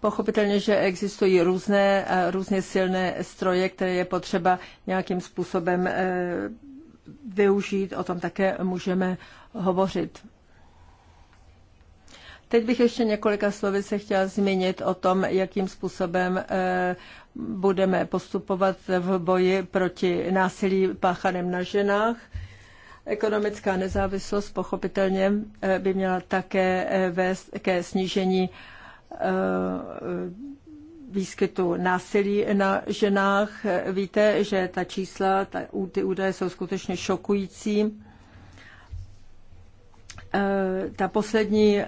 Pochopitelně, že existují různé, eh, různě silné stroje, které je potřeba nějakým způsobem eh, využít, o tom také můžeme hovořit. Teď bych ještě několika slovy se chtěla zmínit o tom, jakým způsobem eh, budeme postupovat v boji proti násilí páchaném na ženách. Ekonomická nezávislost pochopitelně by měla také vést ke snížení Eh, výskytu násilí na ženách. Víte, že ta čísla, ta, ty údaje jsou skutečně šokující. Eh, ta poslední, eh,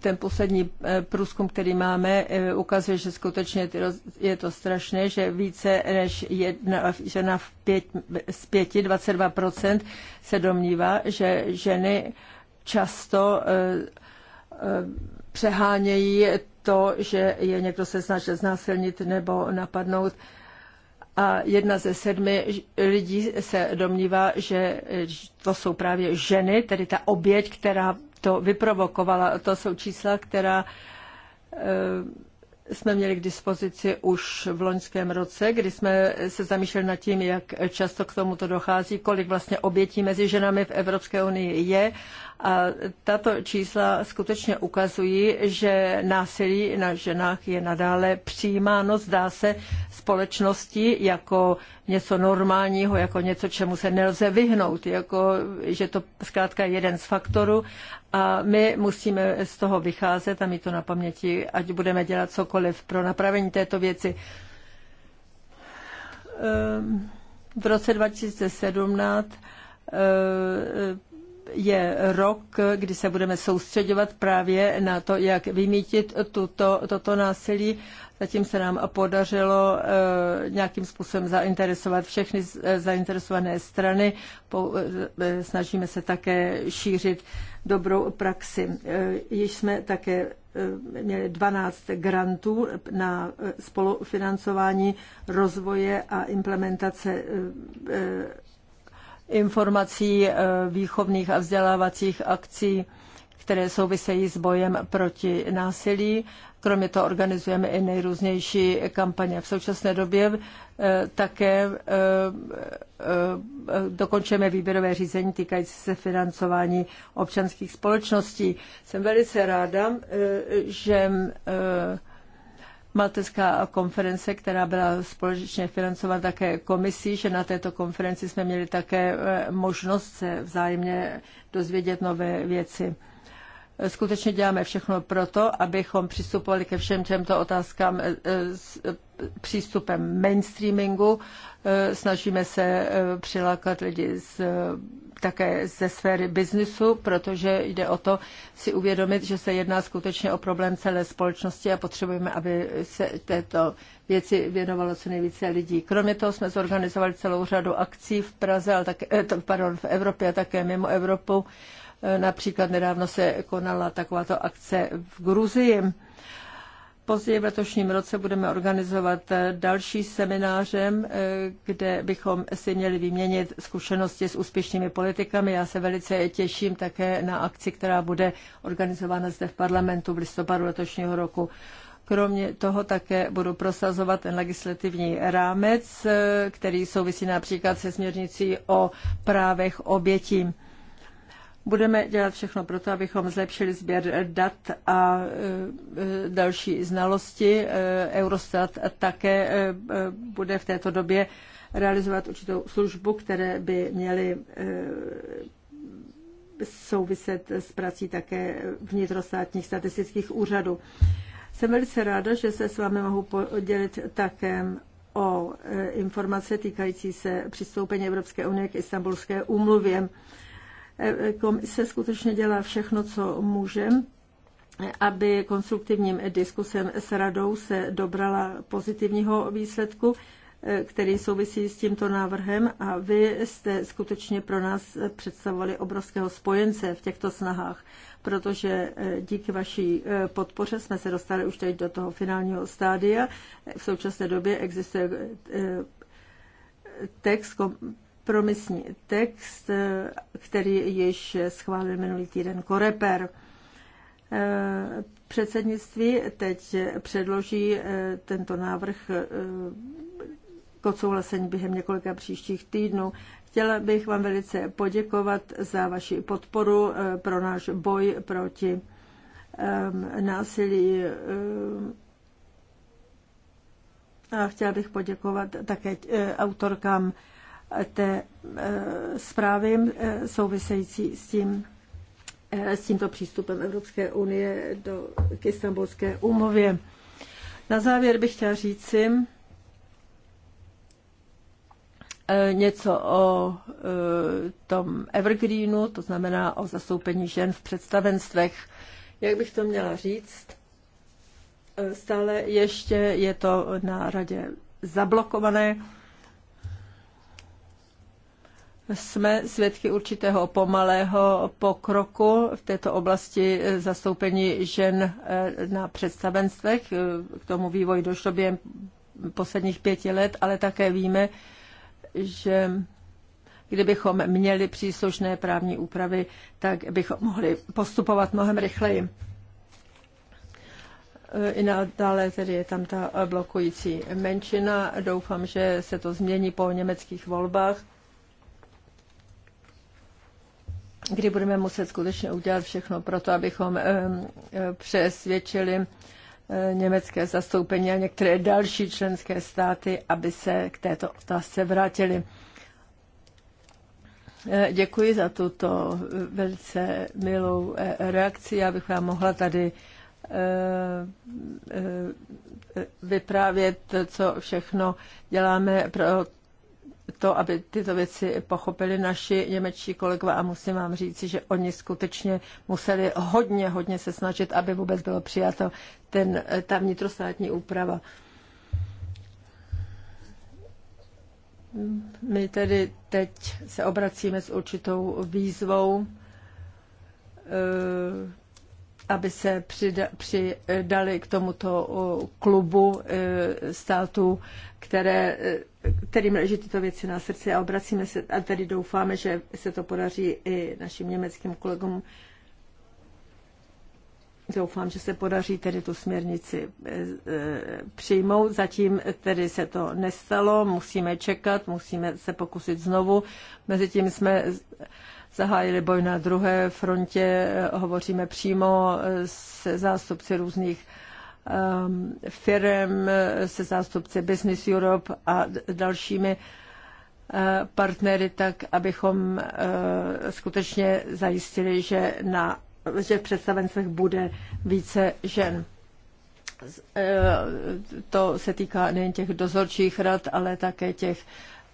ten poslední průzkum, který máme, ukazuje, že skutečně je to strašné, že více než jedna žena v pět, z pěti, 22% se domnívá, že ženy často přehánějí to, že je někdo se snažil znásilnit nebo napadnout. A jedna ze sedmi lidí se domnívá, že to jsou právě ženy, tedy ta oběť, která to vyprovokovala. To jsou čísla, která eh, jsme měli k dispozici už v loňském roce, kdy jsme se zamýšleli nad tím, jak často k tomuto dochází, kolik vlastně obětí mezi ženami v Evropské unii je a tato čísla skutečně ukazují, že násilí na ženách je nadále přijímáno, zdá se, společností jako něco normálního, jako něco, čemu se nelze vyhnout, jako, že to zkrátka je jeden z faktorů a my musíme z toho vycházet a mít to na paměti, ať budeme dělat cokoliv pro napravení této věci. Ehm, v roce 2017 je rok, kdy se budeme soustředovat právě na to, jak vymítit tuto, toto násilí. Zatím se nám podařilo eh, nějakým způsobem zainteresovat všechny eh, zainteresované strany. Eh, snažíme se také šířit dobrou praxi. Již jsme také měli 12 grantů na spolufinancování rozvoje a implementace informací, eh, výchovných a vzdělávacích akcí, které souvisejí s bojem proti násilí. Kromě toho organizujeme i nejrůznější kampaně. V současné době eh, také eh, dokončujeme výběrové řízení týkající se financování občanských společností. Jsem velice ráda, že Maltecká konference, která byla společně financována také komisí, že na této konferenci jsme měli také eh, možnost se vzájemně dozvědět nové věci skutečně děláme všechno proto, abychom přistupovali ke všem těmto otázkám eh, s eh, přístupem mainstreamingu. Snažíme se přilákat lidi z také ze sféry biznisu, protože jde o to si uvědomit, že se jedná skutečně o problém celé společnosti a potřebujeme, aby se této věci věnovalo co nejvíce lidí. Kromě toho jsme zorganizovali celou řadu akcí v Praze, ale také, eh, pardon, v Evropě a také mimo Evropu. Eh, například nedávno se konala takováto akce v Gruzii Později v letošním roce budeme organizovat eh, další seminářem, eh, kde bychom si měli vyměnit zkušenosti s úspěšnými politikami. Já se velice těším také na akci, která bude organizována zde v parlamentu v listopadu letošního roku. Kromě toho také budu prosazovat ten legislativní rámec, eh, který souvisí například se směrnicí o právech obětí. Budeme dělat všechno pro to, abychom zlepšili sběr dat a e, e, další znalosti. E, Eurostat také bude v této době realizovat určitou službu, které by měly souviset s prací také vnitrostátních statistických úřadů. Jsem velice ráda, že se s vámi mohu podělit také o informace týkající se přistoupení Evropské unie k Istanbulské úmluvě. Komise skutečně dělá všechno, co může, aby konstruktivním diskusem s radou se dobrala pozitivního výsledku, který souvisí s tímto návrhem a vy jste skutečně pro nás představovali obrovského spojence v těchto snahách, protože eh, díky vaší eh, podpoře jsme se dostali už teď do toho finálního stádia. V současné době existuje eh, text kompromisní text, eh, který již schválil minulý týden Koreper. Eh, předsednictví teď předloží eh, tento návrh k odsouhlasení během několika příštích týdnů. Chtěla bych vám velice poděkovat za vaši podporu pro náš boj proti ehm, násilí. A chtěla bych poděkovat také autorkám té e, zprávy e, související s tím e, s tímto přístupem Evropské unie do, k Istanbulské úmově. Na závěr bych chtěla říci něco o tom evergreenu, to znamená o zastoupení žen v představenstvech. Jak bych to měla říct? Stále ještě je to na radě zablokované jsme svědky určitého pomalého pokroku v této oblasti zastoupení žen eh, na představenstvech. Eh, k tomu vývoj došlo během posledních pěti let, ale také víme, že kdybychom měli příslušné právní úpravy, tak bychom mohli postupovat mnohem rychleji. Eh, I nadále tedy je tam ta blokující menšina. Doufám, že se to změní po německých volbách kdy budeme muset skutečně udělat všechno pro to, abychom eh, eh, přesvědčili eh, německé zastoupení a některé další členské státy, aby se k této otázce vrátili. Děkuji za tuto velice milou reakci. Já bych vám mohla tady vyprávět, co všechno děláme pro to, aby tyto věci pochopili naši němečtí kolegové a musím vám říci, že oni skutečně museli hodně, hodně se snažit, aby vůbec bylo přijato ten, ta vnitrostátní úprava. My tedy teď se obracíme s určitou výzvou, eh, aby se přidali k tomuto eh, klubu eh, států které, e, kterým leží tyto věci na srdci a obracíme se a tady doufáme, že se to podaří i našim německým kolegům. Doufám, že se podaří tedy tu směrnici e, e, přijmout. Zatím tedy se to nestalo, musíme čekat, musíme se pokusit znovu. Mezitím jsme zahájili boj na druhé frontě, hovoříme přímo se zástupci různých Um, firm eh, se zástupci Business Europe a dalšími eh, partnery, tak abychom eh, skutečně zajistili, že, na, že v představenstvech bude více žen. To se týká nejen těch dozorčích rad, ale také těch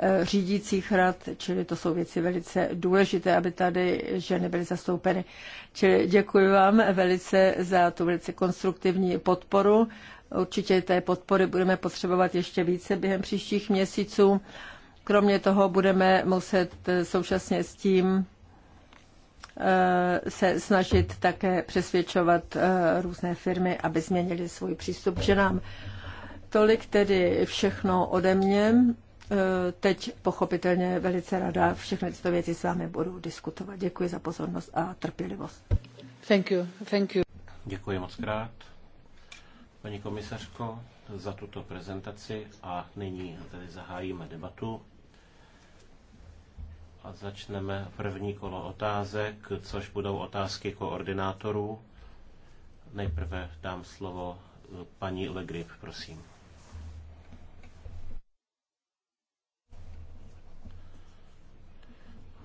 Eh, řídících rad, čili to jsou věci velice důležité, aby tady ženy byly zastoupeny. Čili děkuji vám velice za tu velice konstruktivní podporu. Určitě té podpory budeme potřebovat ještě více během příštích měsíců. Kromě toho budeme muset eh, současně s tím eh, se snažit také přesvědčovat různé firmy, aby změnili svůj přístup k ženám. Tolik tedy všechno ode mě. Eh, teď pochopitelně velice ráda všechny tyto věci s vámi budu diskutovat. Děkuji za pozornost a trpělivost. Thank you. Thank you. Děkuji moc krát, paní komisařko, za tuto prezentaci a nyní tedy zahájíme debatu a začneme první kolo otázek, což budou otázky koordinátorů. Nejprve dám slovo eh, paní Legrip, prosím.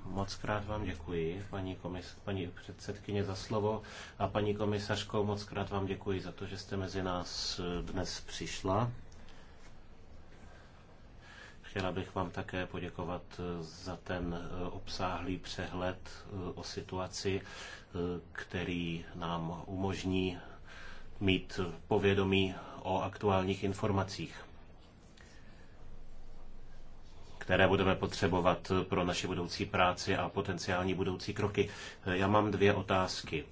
Moc krát vám děkuji, paní, komis- paní předsedkyně, za slovo. A paní komisařko, moc krát vám děkuji za to, že jste mezi nás eh, dnes přišla. Chtěla bych vám také poděkovat eh, za ten eh, obsáhlý přehled o situaci, který nám umožní mít povědomí o aktuálních informacích které budeme potřebovat pro naši budoucí práci a potenciální budoucí kroky. Já mám dvě otázky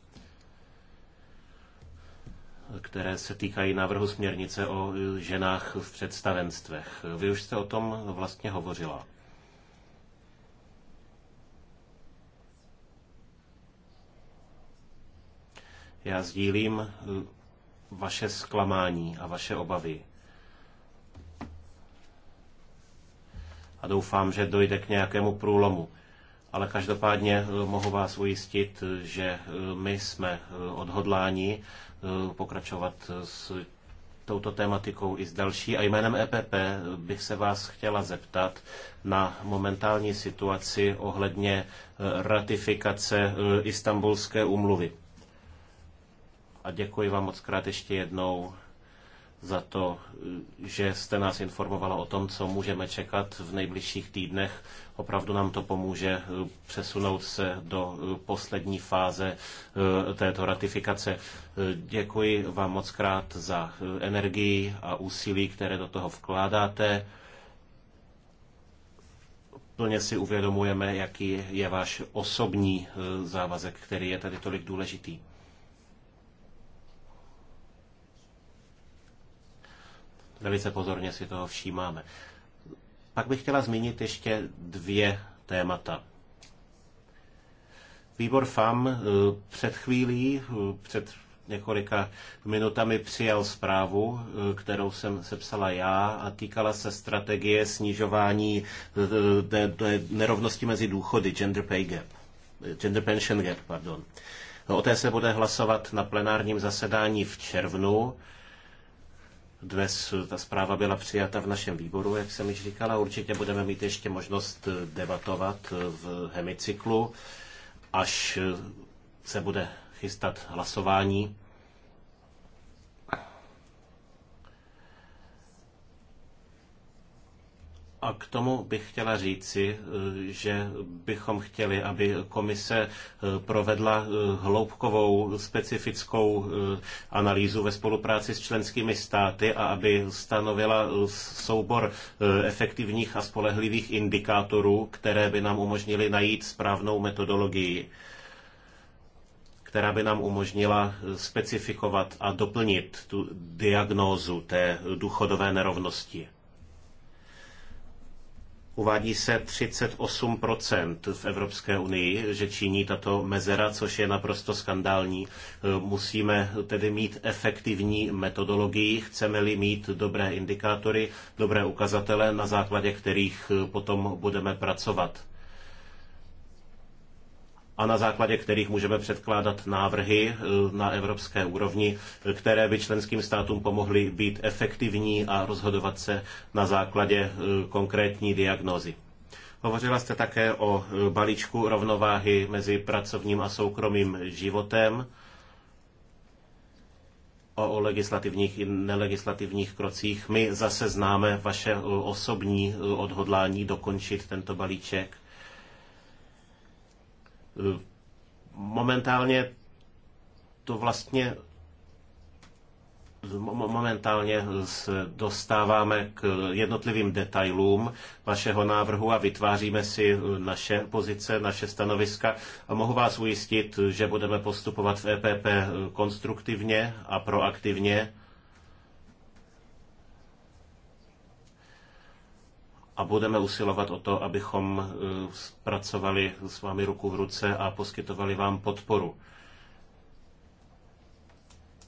které se týkají návrhu směrnice o ženách v představenstvech. Vy už jste o tom vlastně hovořila. Já sdílím eh, vaše zklamání a vaše obavy. a doufám, že dojde k nějakému průlomu. Ale každopádně eh, mohu vás ujistit, eh, že eh, my jsme odhodláni pokračovat s touto tématikou i s další. A jménem EPP bych se vás chtěla zeptat na momentální situaci ohledně ratifikace Istanbulské úmluvy. A děkuji vám moc krát ještě jednou za to, že jste nás informovala o tom, co můžeme čekat v nejbližších týdnech. Opravdu nám to pomůže eh, přesunout se do eh, poslední fáze eh, této ratifikace. Děkuji vám moc krát za energii a úsilí, které do toho vkládáte. Plně si uvědomujeme, jaký je váš osobní závazek, který je tady tolik důležitý. Velice pozorně si toho všímáme. Pak bych chtěla zmínit ještě dvě témata. Výbor FAM eh, před chvílí, eh, před několika minutami přijal zprávu, eh, kterou jsem sepsala já a týkala se strategie snižování nerovnosti mezi důchody, gender pay gap, gender pension gap, pardon. O té se bude hlasovat na plenárním zasedání v červnu dnes ta zpráva byla přijata v našem výboru, jak jsem již říkala. Určitě budeme mít ještě možnost debatovat v hemicyklu, až se bude chystat hlasování A k tomu bych chtěla říci, eh, že bychom chtěli, aby komise eh, provedla eh, hloubkovou specifickou analýzu ve spolupráci s členskými státy a aby stanovila soubor efektivních a spolehlivých indikátorů, které by nám umožnily najít správnou metodologii která by nám umožnila specifikovat a doplnit tu diagnózu té důchodové nerovnosti. Uvádí se 38% v Evropské unii, že činí tato mezera, což je naprosto skandální. E, musíme tedy mít efektivní metodologii, chceme-li mít dobré indikátory, dobré ukazatele, na základě kterých e, potom budeme pracovat a na základě kterých můžeme předkládat návrhy eh, na evropské úrovni, které by členským státům pomohly být efektivní a rozhodovat se na základě eh, konkrétní diagnózy. Hovořila jste také o eh, balíčku rovnováhy mezi pracovním a soukromým životem, o legislativních i nelegislativních krocích. My zase známe vaše osobní odhodlání dokončit tento balíček Eh, momentálně to vlastně momentálně dostáváme k jednotlivým detailům vašeho návrhu a vytváříme si eh, naše pozice, naše stanoviska a mohu vás ujistit, že budeme postupovat v EPP eh, konstruktivně a proaktivně a budeme usilovat o to, abychom e, pracovali s vámi ruku v ruce a poskytovali vám podporu.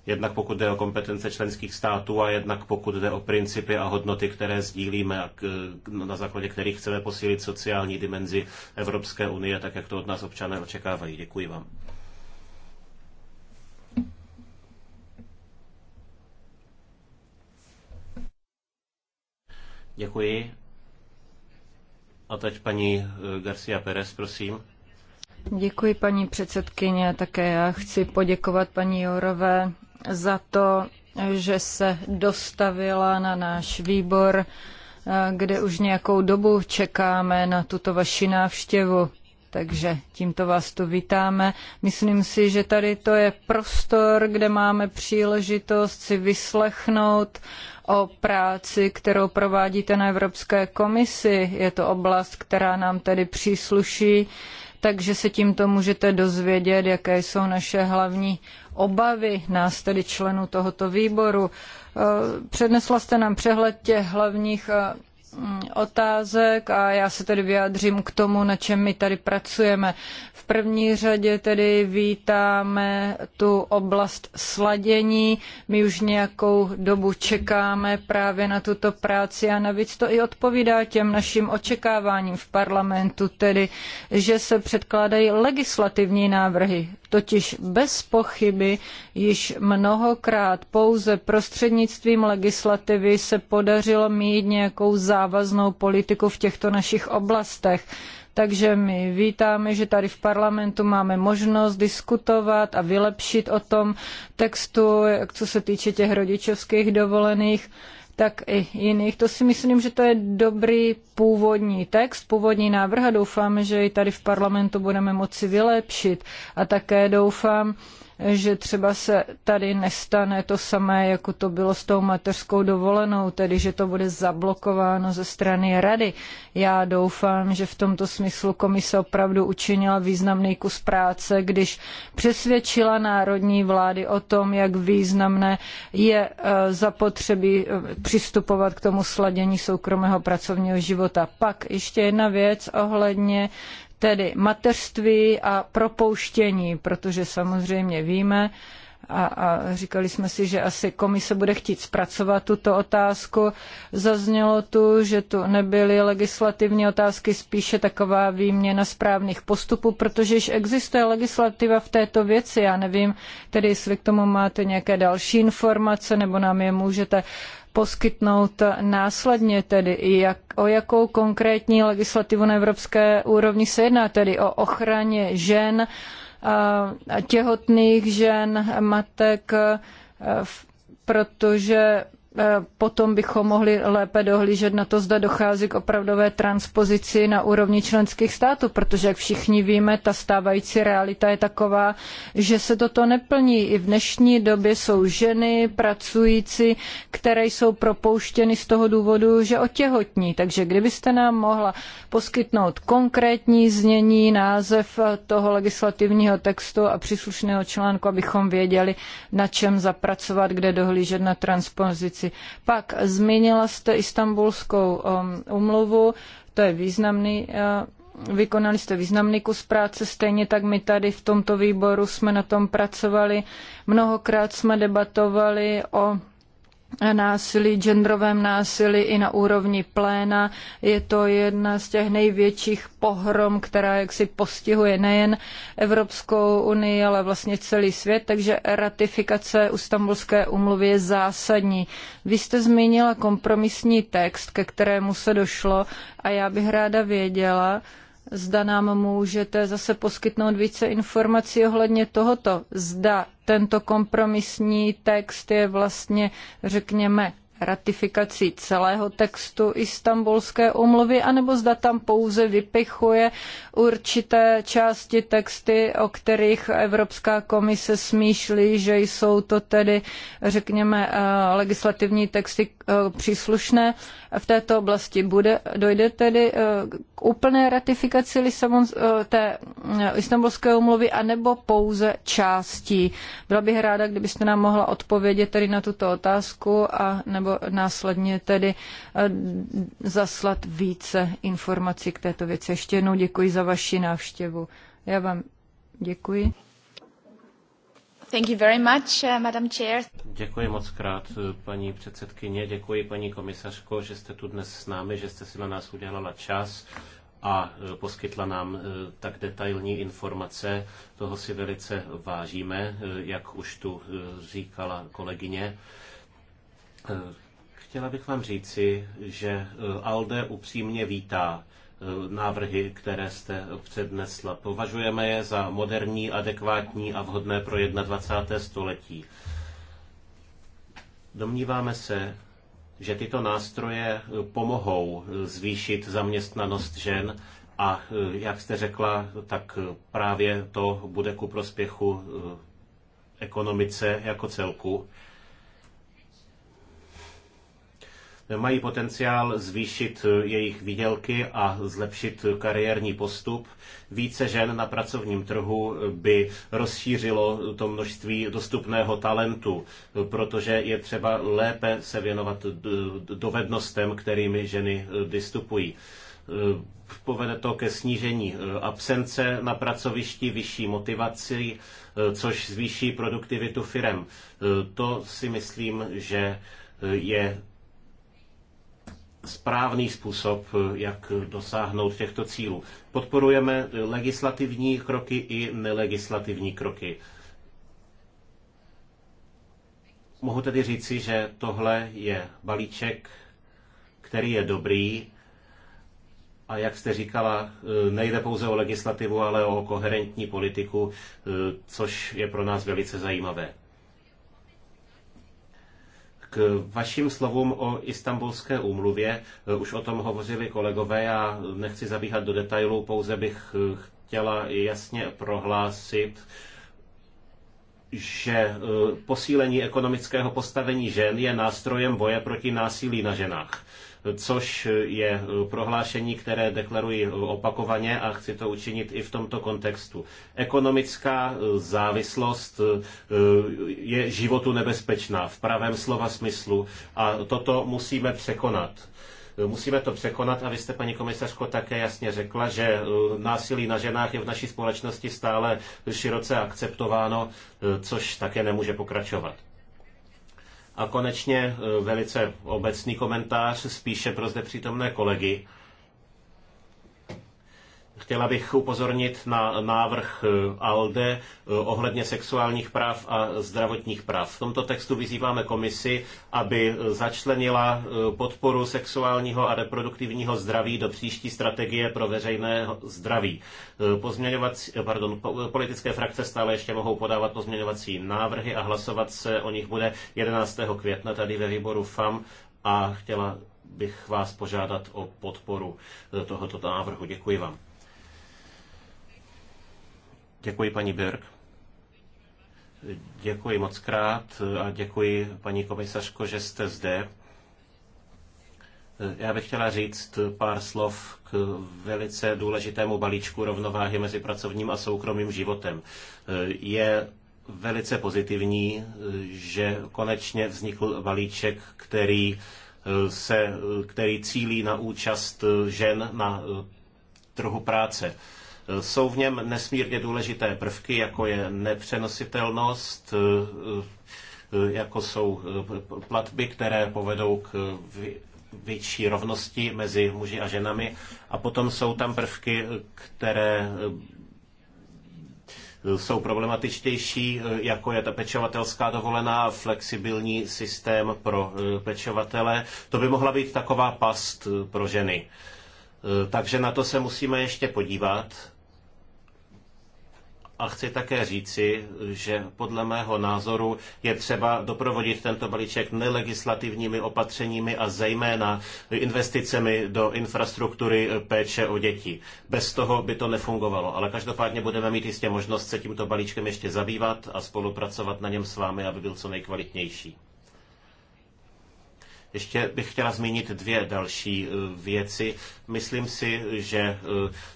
Jednak pokud jde o kompetence členských států a jednak pokud jde o principy a hodnoty, které sdílíme a na základě kterých chceme posílit sociální dimenzi Evropské unie, tak jak to od nás občané očekávají. Děkuji vám. Děkuji. A teď paní eh, Garcia Perez, prosím. Děkuji, paní předsedkyně. Také já chci poděkovat paní Jorové za to, že se dostavila na náš výbor, eh, kde už nějakou dobu čekáme na tuto vaši návštěvu. Takže tímto vás tu vítáme. Myslím si, že tady to je prostor, kde máme příležitost si vyslechnout uh, o práci, kterou provádíte na Evropské komisi. Je to oblast, která nám tedy přísluší, takže se tímto můžete dozvědět, jaké jsou naše hlavní obavy nás, tedy členů tohoto výboru. Eh, přednesla jste nám přehled těch hlavních eh, Mm, otázek a já se tedy vyjádřím k tomu, na čem my tady pracujeme. V první řadě tedy vítáme tu oblast sladění. My už nějakou dobu čekáme právě na tuto práci a navíc to i odpovídá těm našim očekáváním v parlamentu, tedy že se předkládají legislativní návrhy totiž bez pochyby již mnohokrát pouze prostřednictvím legislativy se podařilo mít nějakou závaznou politiku v těchto našich oblastech. Takže my vítáme, že tady v parlamentu máme možnost diskutovat a vylepšit o tom textu, co se týče těch rodičovských dovolených tak i jiných. To si myslím, že to je dobrý původní text, původní návrh a doufám, že i tady v parlamentu budeme moci vylepšit. A také doufám, že třeba se tady nestane to samé, jako to bylo s tou mateřskou dovolenou, tedy že to bude zablokováno ze strany rady. Já doufám, že v tomto smyslu komise opravdu učinila významný kus práce, když přesvědčila národní vlády o tom, jak významné je eh, zapotřebí eh, přistupovat k tomu sladění soukromého pracovního života. Pak ještě jedna věc ohledně tedy mateřství a propouštění, protože samozřejmě víme, a, a říkali jsme si, že asi komise bude chtít zpracovat tuto otázku. Zaznělo tu, že tu nebyly legislativní otázky, spíše taková výměna správných postupů, protože již existuje legislativa v této věci. Já nevím, tedy jestli k tomu máte nějaké další informace, nebo nám je můžete poskytnout následně tedy, jak, o jakou konkrétní legislativu na evropské úrovni se jedná, tedy o ochraně žen, těhotných žen, matek, protože Eh, potom bychom mohli lépe dohlížet na to, zda dochází k opravdové transpozici na úrovni členských států, protože, jak všichni víme, ta stávající realita je taková, že se toto neplní. I v dnešní době jsou ženy pracující, které jsou propouštěny z toho důvodu, že otěhotní. Takže kdybyste nám mohla poskytnout konkrétní znění, název toho legislativního textu a příslušného článku, abychom věděli, na čem zapracovat, kde dohlížet na transpozici věci. Pak zmínila jste istambulskou um, umluvu, to je významný uh, vykonali jste významný kus práce, stejně tak my tady v tomto výboru jsme na tom pracovali. Mnohokrát jsme debatovali o násilí, genderovém násilí i na úrovni pléna. Je to jedna z těch největších pohrom, která jaksi postihuje nejen Evropskou unii, ale vlastně celý svět, takže ratifikace Ustambulské umluvy je zásadní. Vy jste zmínila kompromisní text, ke kterému se došlo a já bych ráda věděla, Zda nám můžete zase poskytnout více informací ohledně tohoto. Zda tento kompromisní text je vlastně, řekněme, ratifikací celého textu istambulské umluvy, anebo zda tam pouze vypichuje určité části texty, o kterých Evropská komise smýšlí, že jsou to tedy, řekněme, eh, legislativní texty eh, příslušné. V této oblasti bude, dojde tedy eh, k úplné ratifikaci Lisabon, té istambulské umluvy, anebo pouze částí. Byla bych ráda, kdybyste nám mohla odpovědět tedy na tuto otázku a nebo nebo následně tedy eh, zaslat více informací k této věci. Ještě jednou děkuji za vaši návštěvu. Já vám děkuji. Thank you very much, eh, Madam Chair. Děkuji moc krát, eh, paní předsedkyně. Děkuji, paní komisařko, že jste tu dnes s námi, že jste si na nás udělala čas a poskytla nám tak detailní informace. Toho si velice vážíme, jak už tu říkala kolegyně. Eh, chtěla bych vám říci, že eh, ALDE upřímně vítá eh, návrhy, které jste přednesla. Považujeme je za moderní, adekvátní a vhodné pro 21. století. Domníváme se, že tyto nástroje pomohou zvýšit zaměstnanost žen a, jak jste řekla, tak právě to bude ku prospěchu ekonomice jako celku. mají potenciál zvýšit eh, jejich výdělky a zlepšit kariérní postup. Více žen na pracovním trhu eh, by rozšířilo to množství dostupného talentu, eh, protože je třeba lépe se věnovat dovednostem, kterými ženy vystupují. povede to ke snížení absence na pracovišti, vyšší motivaci, což zvýší produktivitu firem. To si myslím, že je správný způsob, jak dosáhnout těchto cílů. Podporujeme legislativní kroky i nelegislativní kroky. Mohu tedy říci, že tohle je balíček, který je dobrý a jak jste říkala, nejde pouze o legislativu, ale o koherentní politiku, což je pro nás velice zajímavé. K vašim slovům o istambulské úmluvě, už o tom hovořili kolegové, já nechci zabíhat do detailů, pouze bych eh, chtěla jasně prohlásit, že eh, posílení ekonomického postavení žen je nástrojem boje proti násilí na ženách což je prohlášení, které deklaruji opakovaně a chci to učinit i v tomto kontextu. Ekonomická závislost eh, je životu nebezpečná v pravém slova smyslu a toto musíme překonat musíme to překonat a vy jste, paní komisařko, také jasně řekla, že eh, násilí na ženách je v naší společnosti stále široce akceptováno, eh, což také nemůže pokračovat. A konečně eh, velice obecný komentář, spíše pro zde přítomné kolegy. Chtěla bych upozornit na návrh eh, ALDE eh, ohledně sexuálních práv a zdravotních práv. V tomto textu vyzýváme komisi, aby eh, začlenila podporu sexuálního a reproduktivního zdraví do příští strategie pro veřejné zdraví. Pozměňovací, pardon, politické frakce stále ještě mohou podávat pozměňovací návrhy a hlasovat se o nich bude 11. května tady ve výboru FAM a chtěla bych vás požádat o podporu tohoto návrhu. Děkuji vám. Děkuji, paní Birk. Děkuji moc krát a děkuji, paní komisařko, že jste zde. Já bych chtěla říct pár slov k velice důležitému balíčku rovnováhy mezi pracovním a soukromým životem. Je velice pozitivní, že konečně vznikl balíček, který, se, který cílí na účast žen na trhu práce jsou v něm nesmírně důležité prvky, jako je nepřenositelnost, eh, eh, jako jsou eh, platby, které povedou k větší rovnosti mezi muži a ženami. A potom jsou tam prvky, které jsou problematičtější, jako je ta pečovatelská dovolená, flexibilní systém pro pečovatele. To by mohla být taková past pro ženy. Takže na to se musíme ještě podívat a chci také říci, že podle mého názoru je třeba doprovodit tento balíček nelegislativními opatřeními a zejména investicemi do infrastruktury péče o děti. Bez toho by to nefungovalo, ale každopádně budeme mít jistě možnost se tímto balíčkem ještě zabývat a spolupracovat na něm s vámi, aby byl co nejkvalitnější. Ještě bych chtěla zmínit dvě další eh, věci. Myslím si, že eh,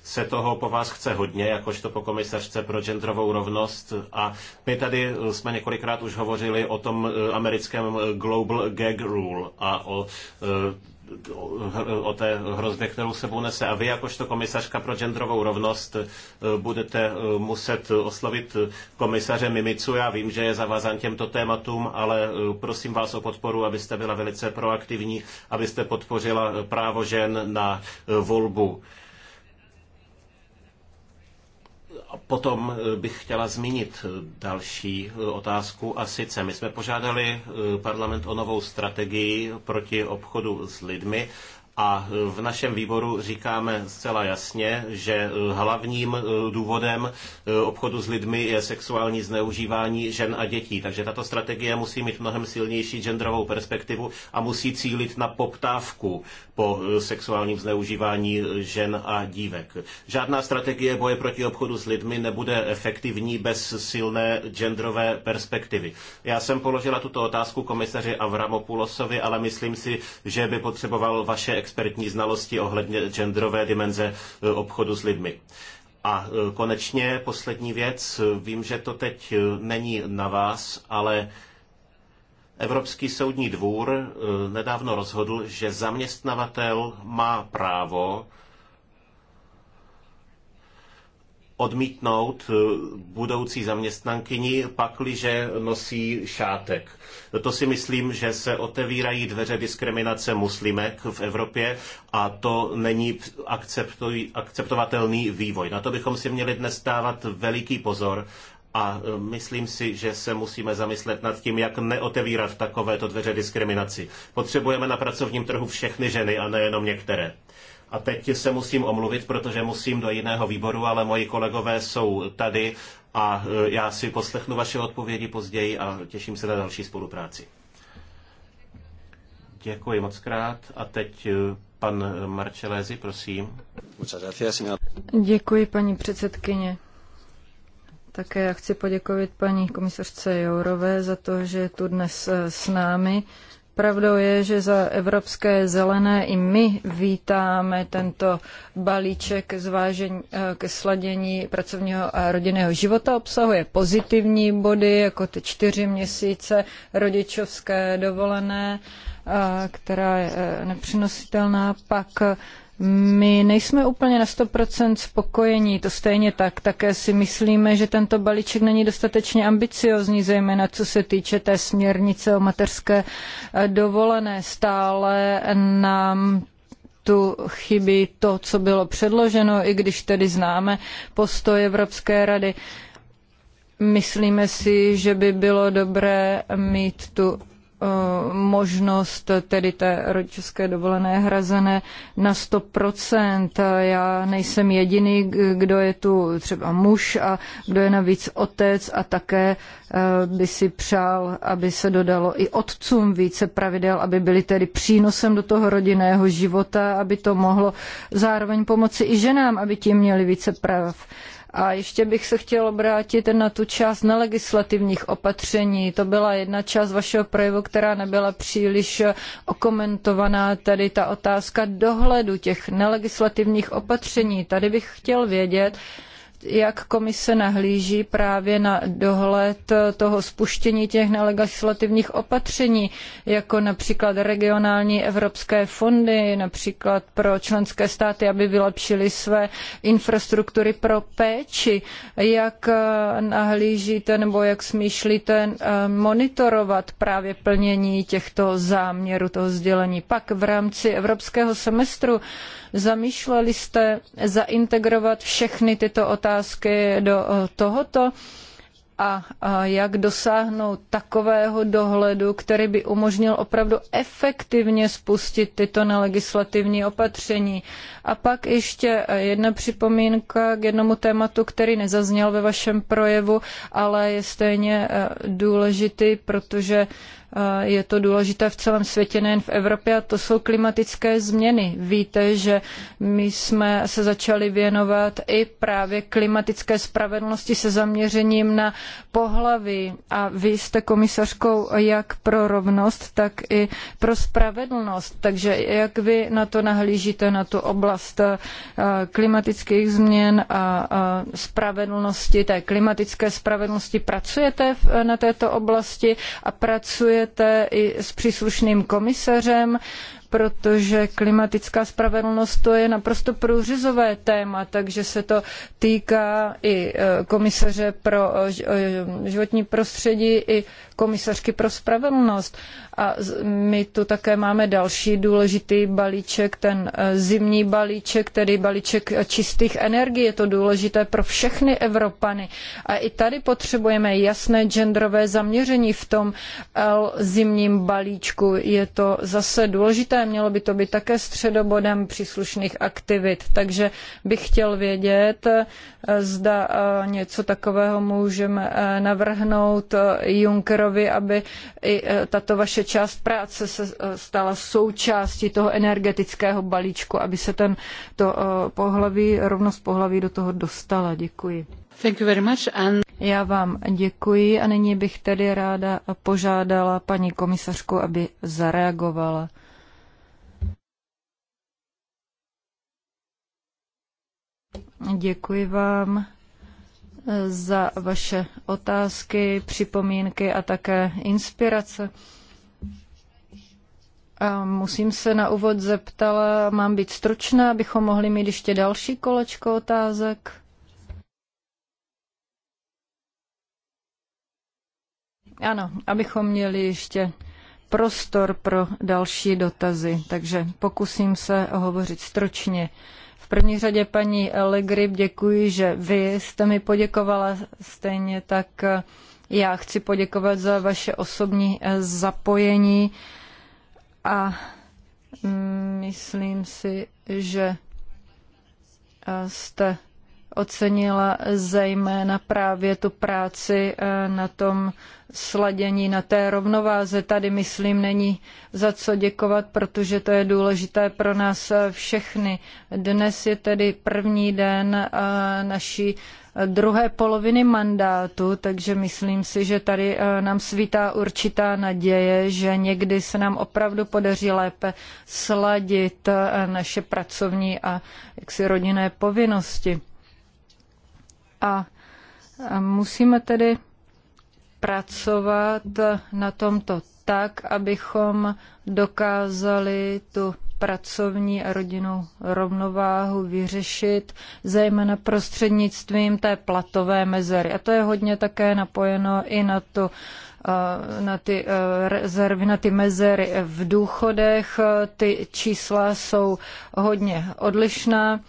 se toho po vás chce hodně, jakožto po komisařce pro genderovou rovnost. A my tady eh, jsme několikrát už hovořili o tom americkém Global Gag Rule a o o té hrozbě, kterou se nese. A vy, jakožto komisařka pro genderovou rovnost, eh, budete eh, muset oslovit komisaře Mimicu. Já vím, že je zavázán těmto tématům, ale eh, prosím vás o podporu, abyste byla velice proaktivní, abyste podpořila právo žen na volbu Potom eh, bych chtěla zmínit eh, další eh, otázku a sice my jsme požádali parlament o novou strategii proti obchodu s lidmi a e, v našem výboru říkáme zcela jasně, že e, hlavním e, důvodem obchodu s lidmi je sexuální zneužívání žen a dětí. Takže tato strategie musí mít mnohem silnější genderovou perspektivu a musí cílit na poptávku po sexuálním zneužívání žen a dívek. Žádná strategie boje proti obchodu s lidmi nebude efektivní bez silné genderové perspektivy. Já jsem položila tuto otázku komisaři Avramopulosovi, ale myslím si, že by potřeboval vaše expertní znalosti ohledně genderové dimenze e, obchodu s lidmi. A e, konečně poslední věc. Vím, že to teď e, není na vás, ale Evropský soudní dvůr nedávno rozhodl, že zaměstnavatel má právo odmítnout eh, budoucí zaměstnankyni, pakliže nosí šátek. To si myslím, že se otevírají dveře diskriminace muslimek v Evropě a to není akceptovatelný vývoj. Na to bychom si měli dnes dávat veliký pozor a eh, myslím si, že se musíme zamyslet nad tím, jak neotevírat takovéto dveře diskriminaci. Potřebujeme na pracovním trhu všechny ženy a nejenom některé. A teď se musím omluvit, protože musím do jiného výboru, ale moji kolegové jsou tady a e, já si poslechnu vaše odpovědi později a těším se na další spolupráci. Děkuji moc krát a teď e, pan Marcelézi, prosím. Děkuji, paní předsedkyně. Také já chci poděkovat paní komisařce Jourové za to, že je tu dnes e, s námi. Pravdou je, že za Evropské zelené i my vítáme tento balíček zvážení, eh, ke sladění pracovního a rodinného života. Obsahuje pozitivní body, jako ty čtyři měsíce rodičovské dovolené, eh, která je eh, nepřenositelná. Pak my nejsme úplně na 100% spokojení, to stejně tak. Také si myslíme, že tento balíček není dostatečně ambiciozní, zejména co se týče té směrnice o mateřské eh, dovolené. Stále nám tu chybí to, co bylo předloženo, i když tedy známe postoj Evropské rady. Myslíme si, že by bylo dobré mít tu Eh, možnost tedy té rodičovské dovolené hrazené na 100%. Já nejsem jediný, kdo je tu třeba muž a kdo je navíc otec a také eh, by si přál, aby se dodalo i otcům více pravidel, aby byli tedy přínosem do toho rodinného života, aby to mohlo zároveň pomoci i ženám, aby tím měli více práv a ještě bych se chtěl obrátit na tu část nelegislativních opatření. To byla jedna část vašeho projevu, která nebyla příliš okomentovaná, tedy ta otázka dohledu těch nelegislativních opatření. Tady bych chtěl vědět, jak komise nahlíží právě na dohled toho spuštění těch nelegislativních opatření, jako například regionální evropské fondy, například pro členské státy, aby vylepšili své infrastruktury pro péči, jak nahlížíte nebo jak smýšlíte eh, monitorovat právě plnění těchto záměrů, toho sdělení. Pak v rámci evropského semestru Zamýšleli jste zaintegrovat všechny tyto otázky do eh, tohoto? a jak dosáhnout takového dohledu, který by umožnil opravdu efektivně spustit tyto nelegislativní opatření. A pak ještě eh, jedna připomínka k jednomu tématu, který nezazněl ve vašem projevu, ale je stejně eh, důležitý, protože Eh, je to důležité v celém světě, nejen v Evropě, a to jsou klimatické změny. Víte, že my jsme se začali věnovat i právě klimatické spravedlnosti se zaměřením na pohlaví. A vy jste komisařkou jak pro rovnost, tak i pro spravedlnost. Takže jak vy na to nahlížíte, na tu oblast eh, klimatických změn a spravedlnosti, té klimatické spravedlnosti, pracujete na této oblasti a pracuje diskutujete i s příslušným komisařem protože klimatická spravedlnost to je naprosto průřezové téma, takže se to týká i e, komisaře pro e, e, životní prostředí, i komisařky pro spravedlnost. A my tu také máme další důležitý balíček, ten zimní balíček, tedy balíček čistých energií. Je to důležité pro všechny Evropany. A i tady potřebujeme jasné genderové zaměření v tom L zimním balíčku. Je to zase důležité důležité, mělo by to být také středobodem příslušných aktivit. Takže bych chtěl vědět, eh, zda eh, něco takového můžeme eh, navrhnout Junckerovi, aby i tato vaše část práce se stala součástí toho energetického balíčku, aby se ten to pohlaví, rovnost pohlaví do toho dostala. Děkuji. Thank you very much and... Já vám děkuji a nyní bych tedy ráda požádala paní komisařku, aby zareagovala. Děkuji vám eh, za vaše otázky, připomínky a také inspirace. A musím se na úvod zeptala, mám být stručná, abychom mohli mít ještě další kolečko otázek? Ano, abychom měli ještě prostor pro další dotazy, takže pokusím se hovořit stručně první řadě paní Legrib děkuji, že vy jste mi poděkovala stejně tak eh, já chci poděkovat za vaše osobní eh, zapojení a mm, myslím si, že eh, jste ocenila zejména právě tu práci eh, na tom sladění, na té rovnováze. Tady, myslím, není za co děkovat, protože to je důležité pro nás eh, všechny. Dnes je tedy první den eh, naší druhé poloviny mandátu, takže myslím si, že tady nám svítá určitá naděje, že někdy se nám opravdu podaří lépe sladit naše pracovní a jaksi rodinné povinnosti. A musíme tedy pracovat na tomto tak, abychom dokázali tu pracovní a rodinnou rovnováhu vyřešit, zejména prostřednictvím té platové mezery. A to je hodně také napojeno i na to, na ty rezervy, na ty mezery v důchodech. Ty čísla jsou hodně odlišná.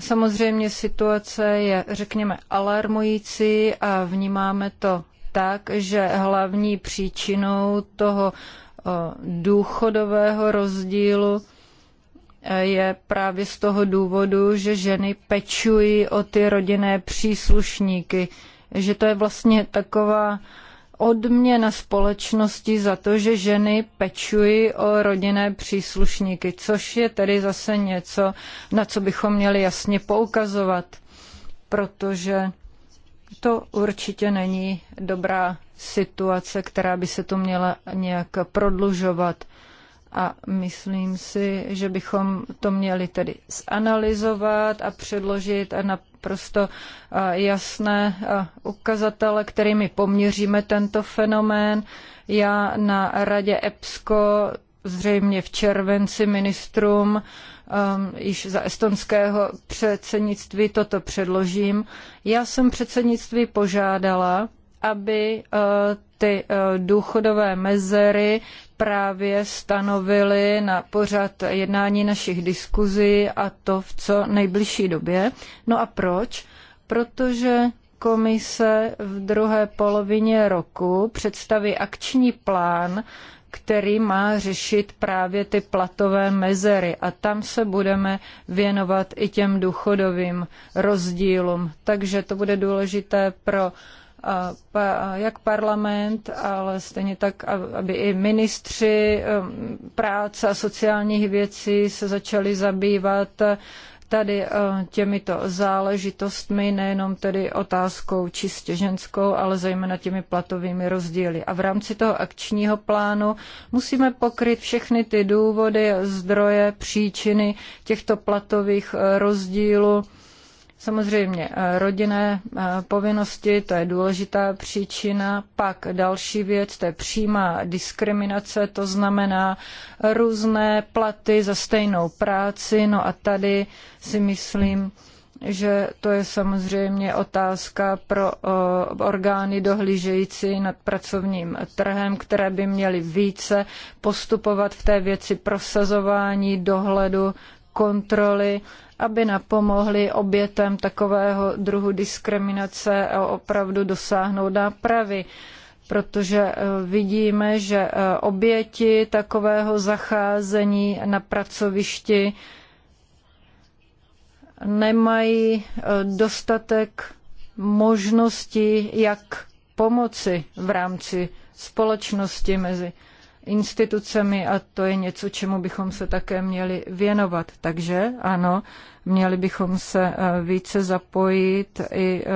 Samozřejmě situace je, řekněme, alarmující a vnímáme to tak, že hlavní příčinou toho důchodového rozdílu e, je právě z toho důvodu, že ženy pečují o ty rodinné příslušníky, že to je vlastně taková odměna společnosti za to, že ženy pečují o rodinné příslušníky, což je tedy zase něco, na co bychom měli jasně poukazovat, protože to určitě není dobrá situace, která by se tu měla nějak prodlužovat a myslím si, že bychom to měli tedy zanalizovat a předložit a naprosto jasné ukazatele, kterými poměříme tento fenomén. Já na radě EPSCO zřejmě v červenci ministrům um, již za estonského předsednictví toto předložím. Já jsem předsednictví požádala, aby eh, ty eh, důchodové mezery právě stanovily na pořad jednání našich diskuzí a to v co nejbližší době. No a proč? Protože komise v druhé polovině roku představí akční plán, který má řešit právě ty platové mezery a tam se budeme věnovat i těm důchodovým rozdílům. Takže to bude důležité pro uh, jak parlament, ale stejně tak, aby i ministři um, práce a sociálních věcí se začali zabývat tady uh, těmito záležitostmi, nejenom tedy otázkou čistě ženskou, ale zejména těmi platovými rozdíly. A v rámci toho akčního plánu musíme pokryt všechny ty důvody, zdroje, příčiny těchto platových uh, rozdílů Samozřejmě eh, rodinné eh, povinnosti, to je důležitá příčina. Pak další věc, to je přímá diskriminace, to znamená různé platy za stejnou práci. No a tady si myslím, že to je samozřejmě otázka pro eh, orgány dohlížející nad pracovním trhem, které by měly více postupovat v té věci prosazování, dohledu kontroly, aby napomohly obětem takového druhu diskriminace a opravdu dosáhnout nápravy protože eh, vidíme, že eh, oběti takového zacházení na pracovišti nemají eh, dostatek možností, jak pomoci v rámci společnosti mezi institucemi a to je něco, čemu bychom se také měli věnovat. Takže ano, Měli bychom se eh, více zapojit i eh,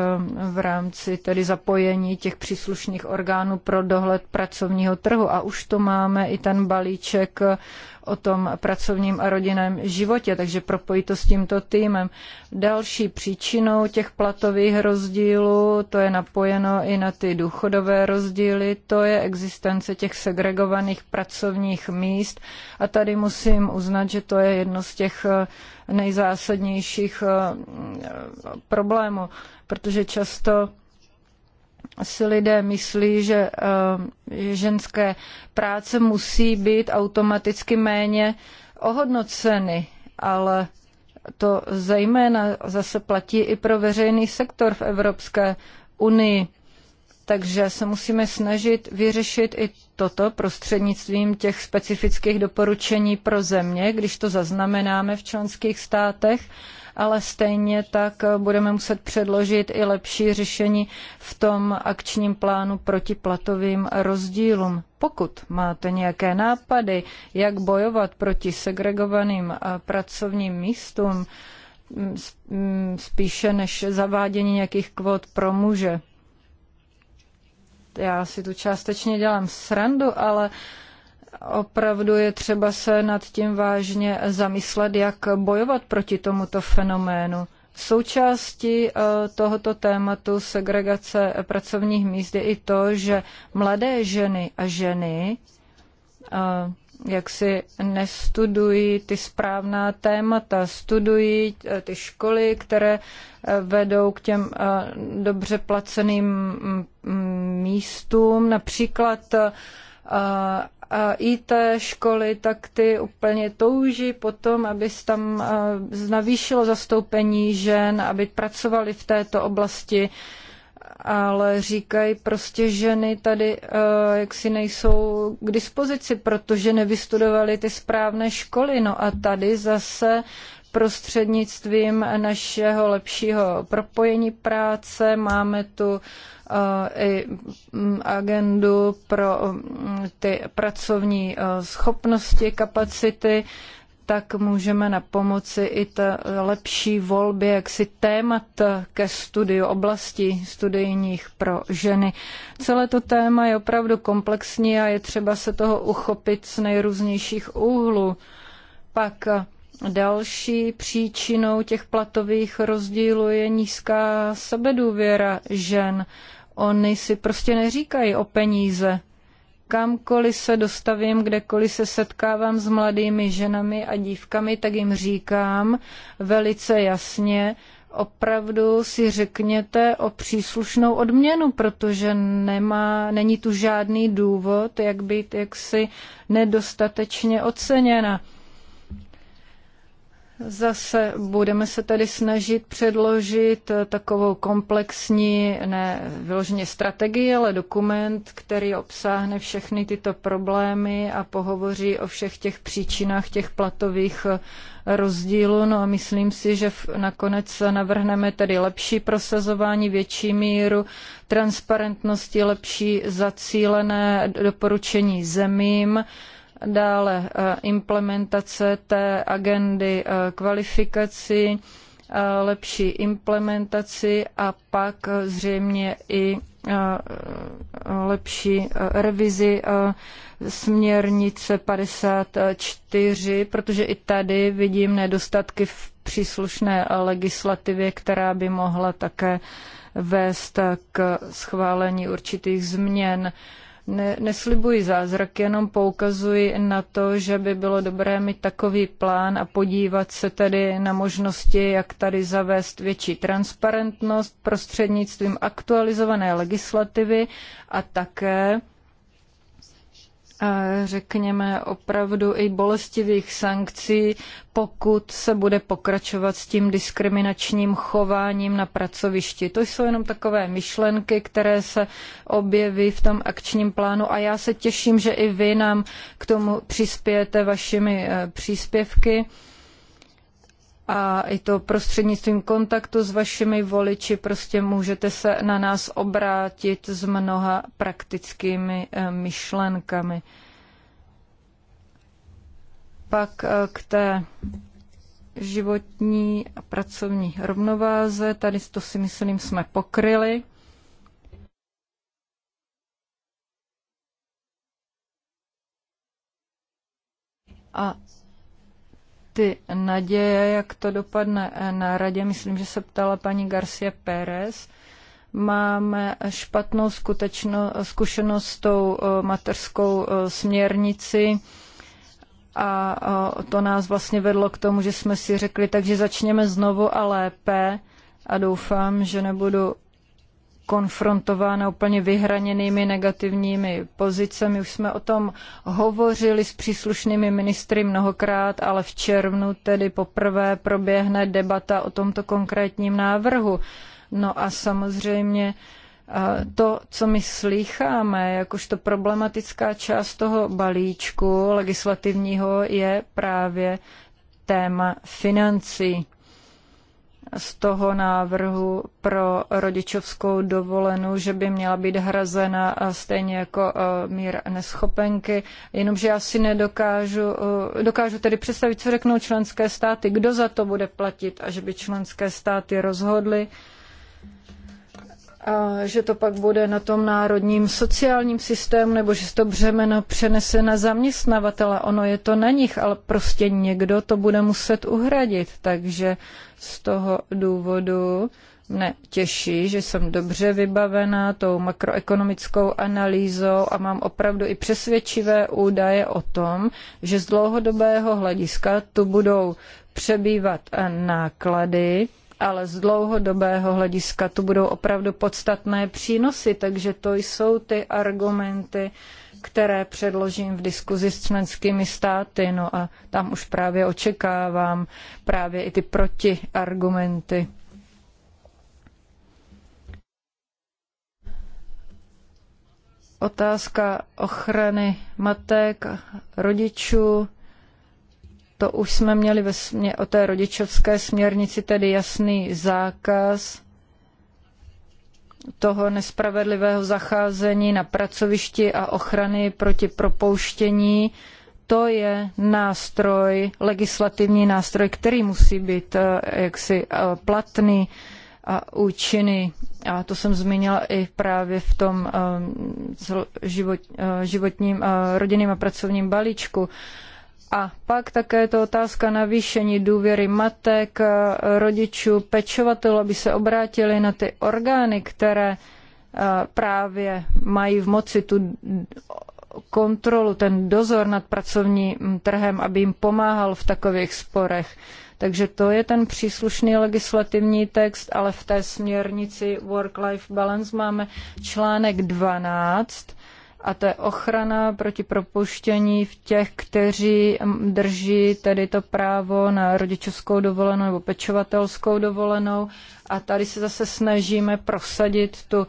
v rámci tedy zapojení těch příslušných orgánů pro dohled pracovního trhu. A už to máme i ten balíček eh, o tom pracovním a rodinném životě, takže propojit to s tímto týmem. Další příčinou těch platových rozdílů, to je napojeno i na ty důchodové rozdíly, to je existence těch segregovaných pracovních míst a tady musím uznat, že to je jedno z těch nejzásadnějších eh, problémů, protože často si lidé myslí, eh, že ženské práce musí být automaticky méně ohodnoceny, ale to zejména zase platí i pro veřejný sektor v Evropské unii. Takže se musíme snažit vyřešit i toto prostřednictvím těch specifických doporučení pro země, když to zaznamenáme v členských státech, ale stejně tak budeme muset předložit i lepší řešení v tom akčním plánu proti platovým rozdílům. Pokud máte nějaké nápady, jak bojovat proti segregovaným pracovním místům, mm, mm, spíše než zavádění nějakých kvot pro muže já si tu částečně dělám srandu, ale opravdu je třeba se nad tím vážně zamyslet, jak bojovat proti tomuto fenoménu. Součástí eh, tohoto tématu segregace pracovních míst je i to, že mladé ženy a ženy eh, jak si nestudují ty správná témata, studují eh, ty školy, které eh, vedou k těm eh, dobře placeným mm, mm, místům, například IT školy, tak ty úplně touží potom, aby se tam navýšilo zastoupení žen, aby pracovali v této oblasti ale říkají prostě, ženy tady uh, jaksi nejsou k dispozici, protože nevystudovali ty správné školy. No a tady zase prostřednictvím našeho lepšího propojení práce máme tu eh, i mm, agendu pro mm, ty pracovní eh, schopnosti, kapacity tak můžeme na pomoci i ta lepší volbě si témat ke studiu oblasti studijních pro ženy. Celé to téma je opravdu komplexní a je třeba se toho uchopit z nejrůznějších úhlů. Pak Další příčinou těch platových rozdílů je nízká sebedůvěra žen. Oni si prostě neříkají o peníze kamkoliv se dostavím, kdekoliv se setkávám s mladými ženami a dívkami, tak jim říkám velice jasně, opravdu si řekněte o příslušnou odměnu, protože nemá, není tu žádný důvod, jak být jaksi nedostatečně oceněna. Zase budeme se tady snažit předložit eh, takovou komplexní, ne vyloženě strategii, ale dokument, který obsáhne všechny tyto problémy a pohovoří o všech těch příčinách těch platových eh, rozdílů. No a myslím si, že nakonec navrhneme tedy lepší prosazování, větší míru transparentnosti, lepší zacílené doporučení zemím, dále eh, implementace té agendy eh, kvalifikaci, eh, lepší implementaci a pak zřejmě i lepší revizi směrnice 54, protože i tady vidím nedostatky v příslušné legislativě, která by mohla také vést k schválení určitých změn. Uh, ne, neslibuji zázrak, jenom poukazuji na to, že by bylo dobré mít takový plán a podívat se tedy na možnosti, jak tady zavést větší transparentnost prostřednictvím aktualizované legislativy a také řekněme, opravdu i bolestivých sankcí, pokud se bude pokračovat s tím diskriminačním chováním na pracovišti. To jsou jenom takové myšlenky, které se objeví v tom akčním plánu a já se těším, že i vy nám k tomu přispějete vašimi eh, příspěvky a i to prostřednictvím kontaktu s vašimi voliči prostě můžete se na nás obrátit s mnoha praktickými eh, myšlenkami. Pak eh, k té životní a pracovní rovnováze, tady to si myslím jsme pokryli. A ty naděje, jak to dopadne na radě, myslím, že se ptala paní Garcia Pérez, máme špatnou skutečno, zkušenost s tou eh, materskou eh, směrnici a eh, to nás vlastně vedlo k tomu, že jsme si řekli, takže začněme znovu a lépe a doufám, že nebudu konfrontována úplně vyhraněnými negativními pozicemi. Už jsme o tom hovořili s příslušnými ministry mnohokrát, ale v červnu tedy poprvé proběhne debata o tomto konkrétním návrhu. No a samozřejmě eh, to, co my slýcháme, jakožto problematická část toho balíčku legislativního, je právě téma financí z toho návrhu pro rodičovskou dovolenou, že by měla být hrazena stejně jako e, mír neschopenky, jenomže já si nedokážu, e, dokážu tedy představit, co řeknou členské státy, kdo za to bude platit a že by členské státy rozhodly, že to pak bude na tom národním sociálním systému, nebo že se to břemeno přenese na zaměstnavatele. Ono je to na nich, ale prostě někdo to bude muset uhradit. Takže z toho důvodu mne těší, že jsem dobře vybavená tou makroekonomickou analýzou a mám opravdu i přesvědčivé údaje o tom, že z dlouhodobého hlediska tu budou přebývat náklady, ale z dlouhodobého hlediska tu budou opravdu podstatné přínosy, takže to jsou ty argumenty, které předložím v diskuzi s členskými státy, no a tam už právě očekávám právě i ty protiargumenty. Otázka ochrany matek, rodičů, to už jsme měli ve smě- o té rodičovské směrnici tedy jasný zákaz toho nespravedlivého zacházení na pracovišti a ochrany proti propouštění. To je nástroj, legislativní nástroj, který musí být eh, jaksi eh, platný a účinný. A to jsem zmínila i právě v tom eh, život, životním, rodinným a pracovním balíčku. A pak také je to otázka navýšení důvěry matek, rodičů, pečovatelů, aby se obrátili na ty orgány, které eh, právě mají v moci tu kontrolu, ten dozor nad pracovním trhem, aby jim pomáhal v takových sporech. Takže to je ten příslušný legislativní text, ale v té směrnici Work-Life Balance máme článek 12, a to je ochrana proti propuštění v těch, kteří drží tedy to právo na rodičovskou dovolenou nebo pečovatelskou dovolenou. A tady se zase snažíme prosadit tu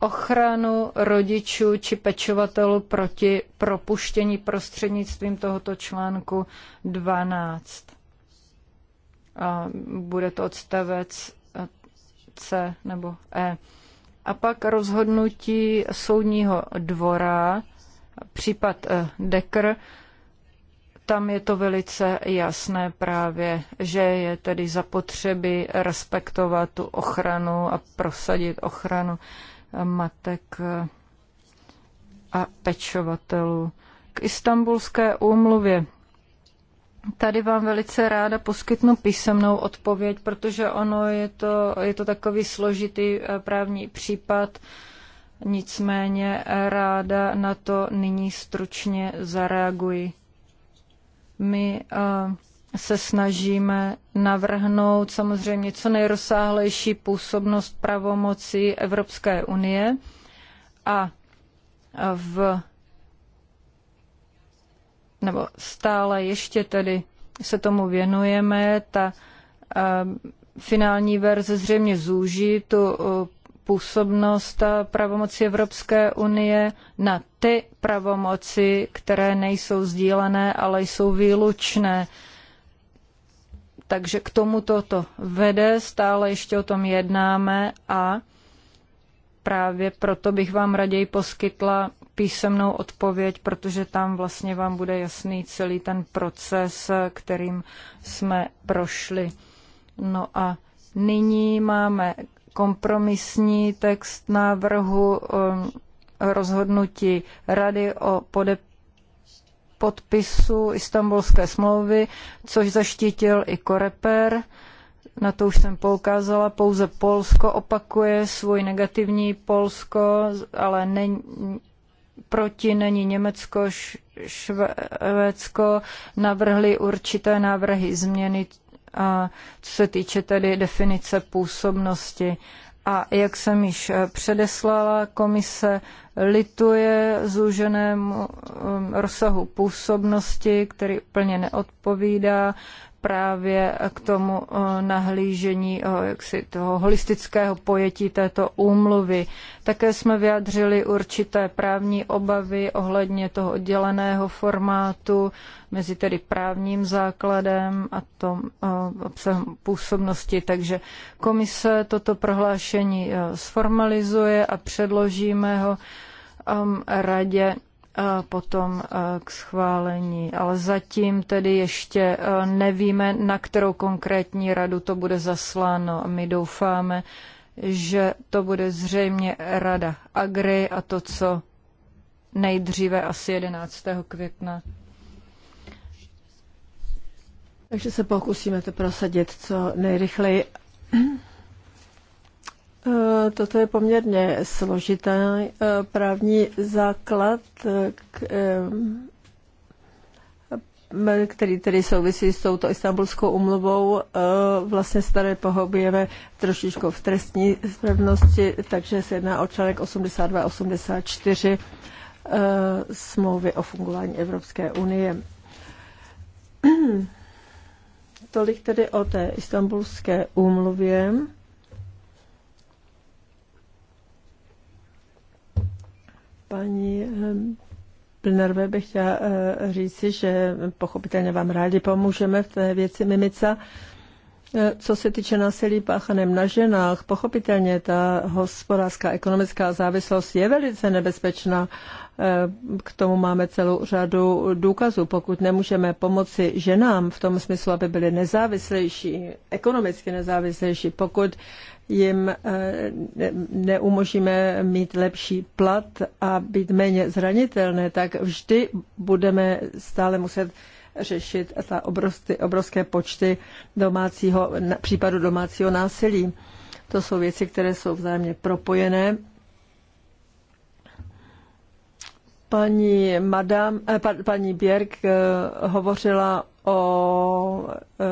ochranu rodičů či pečovatelů proti propuštění prostřednictvím tohoto článku 12. A bude to odstavec C nebo E. A pak rozhodnutí soudního dvora, případ eh, Dekr, tam je to velice jasné právě, že je tedy zapotřebí respektovat tu ochranu a prosadit ochranu eh, matek eh, a pečovatelů. K istambulské úmluvě Tady vám velice ráda poskytnu písemnou odpověď, protože ono je to, je to takový složitý eh, právní případ. Nicméně eh, ráda na to nyní stručně zareaguji. My eh, se snažíme navrhnout samozřejmě co nejrozsáhlejší působnost pravomocí Evropské unie a v nebo stále ještě tedy se tomu věnujeme. Ta eh, finální verze zřejmě zúží tu eh, působnost a pravomoci Evropské unie na ty pravomoci, které nejsou sdílené, ale jsou výlučné. Takže k tomu toto vede, stále ještě o tom jednáme a právě proto bych vám raději poskytla písemnou odpověď, protože tam vlastně vám bude jasný celý ten proces, kterým jsme prošli. No a nyní máme kompromisní text návrhu um, rozhodnutí Rady o podpisu Istanbulské smlouvy, což zaštítil i Koreper. Na to už jsem poukázala, pouze Polsko opakuje svůj negativní Polsko, ale ne, proti není Německo, Švédsko navrhli určité návrhy změny, a co se týče tedy definice působnosti. A jak jsem již eh, předeslala, komise lituje zúženému um, rozsahu působnosti, který plně neodpovídá právě k tomu eh, nahlížení eh, jaksi, toho holistického pojetí této úmluvy. Také jsme vyjadřili určité právní obavy ohledně toho odděleného formátu mezi tedy právním základem a tom eh, obsahem působnosti. Takže komise toto prohlášení sformalizuje a předložíme ho radě potom e, k schválení. Ale zatím tedy ještě e, nevíme, na kterou konkrétní radu to bude zasláno. My doufáme, že to bude zřejmě rada Agri a to, co nejdříve asi 11. května. Takže se pokusíme to prosadit co nejrychleji. Eh, toto je poměrně složitý eh, právní základ, eh, který tedy souvisí s touto istambulskou umluvou. Vlastně se tady pohobujeme trošičku v trestní spravnosti, takže se jedná o článek 82-84 smlouvy o fungování Evropské unie. Tolik tedy o té istambulské úmluvě. Paní eh, Plnerve bych chtěla eh, říci, že pochopitelně vám rádi pomůžeme v té věci Mimica. Eh, co se týče násilí páchaném na ženách, pochopitelně ta hospodářská ekonomická závislost je velice nebezpečná Eh, k tomu máme celou řadu důkazů. Pokud nemůžeme pomoci ženám v tom smyslu, aby byly nezávislejší, ekonomicky nezávislejší, pokud jim eh, neumožíme mít lepší plat a být méně zranitelné, tak vždy budeme stále muset řešit ta obrovské, obrovské počty domácího, případu domácího násilí. To jsou věci, které jsou vzájemně propojené Paní, madam, eh, paní eh, hovořila o eh,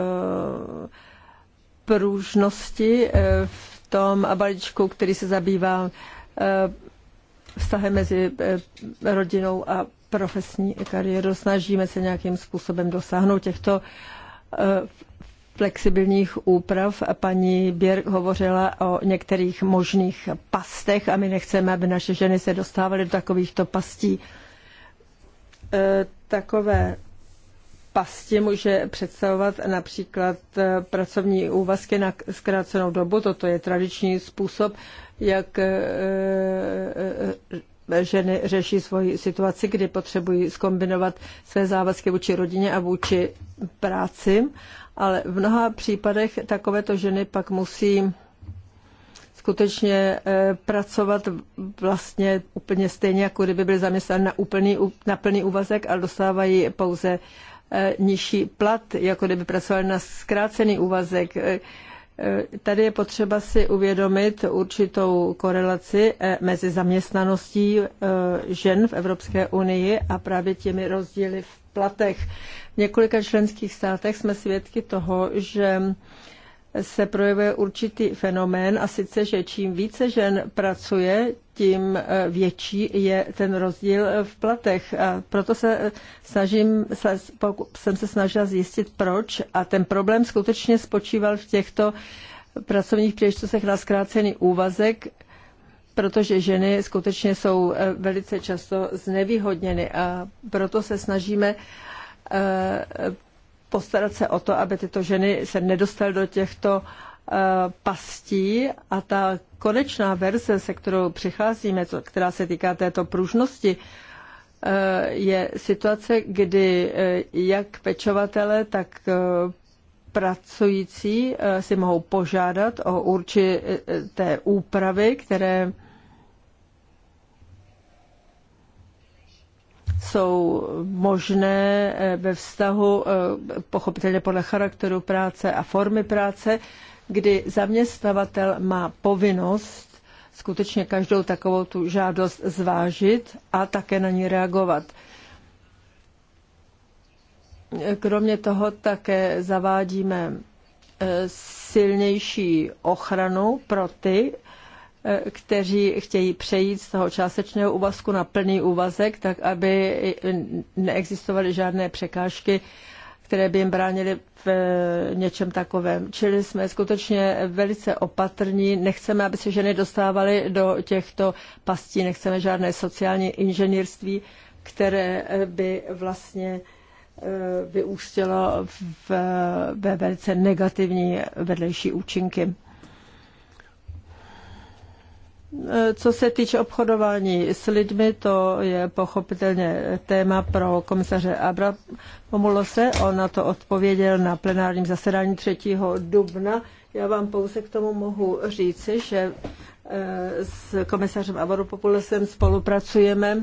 pružnosti eh, v tom balíčku, který se zabývá vztahem mezi rodinou a profesní kariérou. Snažíme se nějakým způsobem dosáhnout těchto flexibilních úprav. Paní Běr hovořila o některých možných pastech a my nechceme, aby naše ženy se dostávaly do takovýchto pastí. E, takové pasti může představovat například e, pracovní úvazky na zkrácenou dobu. Toto je tradiční způsob, jak e, ženy řeší svoji situaci, kdy potřebují skombinovat své závazky vůči rodině a vůči práci ale v mnoha případech takovéto ženy pak musí skutečně eh, pracovat vlastně úplně stejně, jako kdyby byly zaměstnány na, úplný, na plný úvazek a dostávají pouze eh, nižší plat, jako kdyby pracovali na zkrácený úvazek. Eh, Eh, tady je potřeba si uvědomit určitou korelaci eh, mezi zaměstnaností eh, žen v Evropské unii a právě těmi rozdíly v platech. V několika členských státech jsme svědky toho, že se projevuje určitý fenomén a sice, že čím více žen pracuje, tím eh, větší je ten rozdíl eh, v platech. A proto se snažím, se, jsem se snažila zjistit, proč. A ten problém skutečně spočíval v těchto pracovních příležitostech na zkrácený úvazek, protože ženy skutečně jsou eh, velice často znevýhodněny a proto se snažíme postarat se o to, aby tyto ženy se nedostaly do těchto eh, pastí a ta konečná verze, se kterou přicházíme, která se týká této pružnosti, eh, je situace, kdy eh, jak pečovatele, tak pracující si mohou požádat o určité úpravy, které jsou možné eh, ve vztahu, eh, pochopitelně podle charakteru práce a formy práce, kdy zaměstnavatel má povinnost skutečně každou takovou tu žádost zvážit a také na ní reagovat. Kromě toho také zavádíme eh, silnější ochranu pro ty kteří chtějí přejít z toho částečného úvazku na plný úvazek, tak aby neexistovaly žádné překážky, které by jim bránily v něčem takovém. Čili jsme skutečně velice opatrní, nechceme, aby se ženy dostávaly do těchto pastí, nechceme žádné sociální inženýrství, které by vlastně eh, vyústilo ve velice negativní vedlejší účinky. Eh, co se týče obchodování s lidmi, to je pochopitelně téma pro komisaře Abra Pomulose. On na to odpověděl na plenárním zasedání 3. dubna. Já vám pouze k tomu mohu říci, že eh, s komisařem Abra Populosem spolupracujeme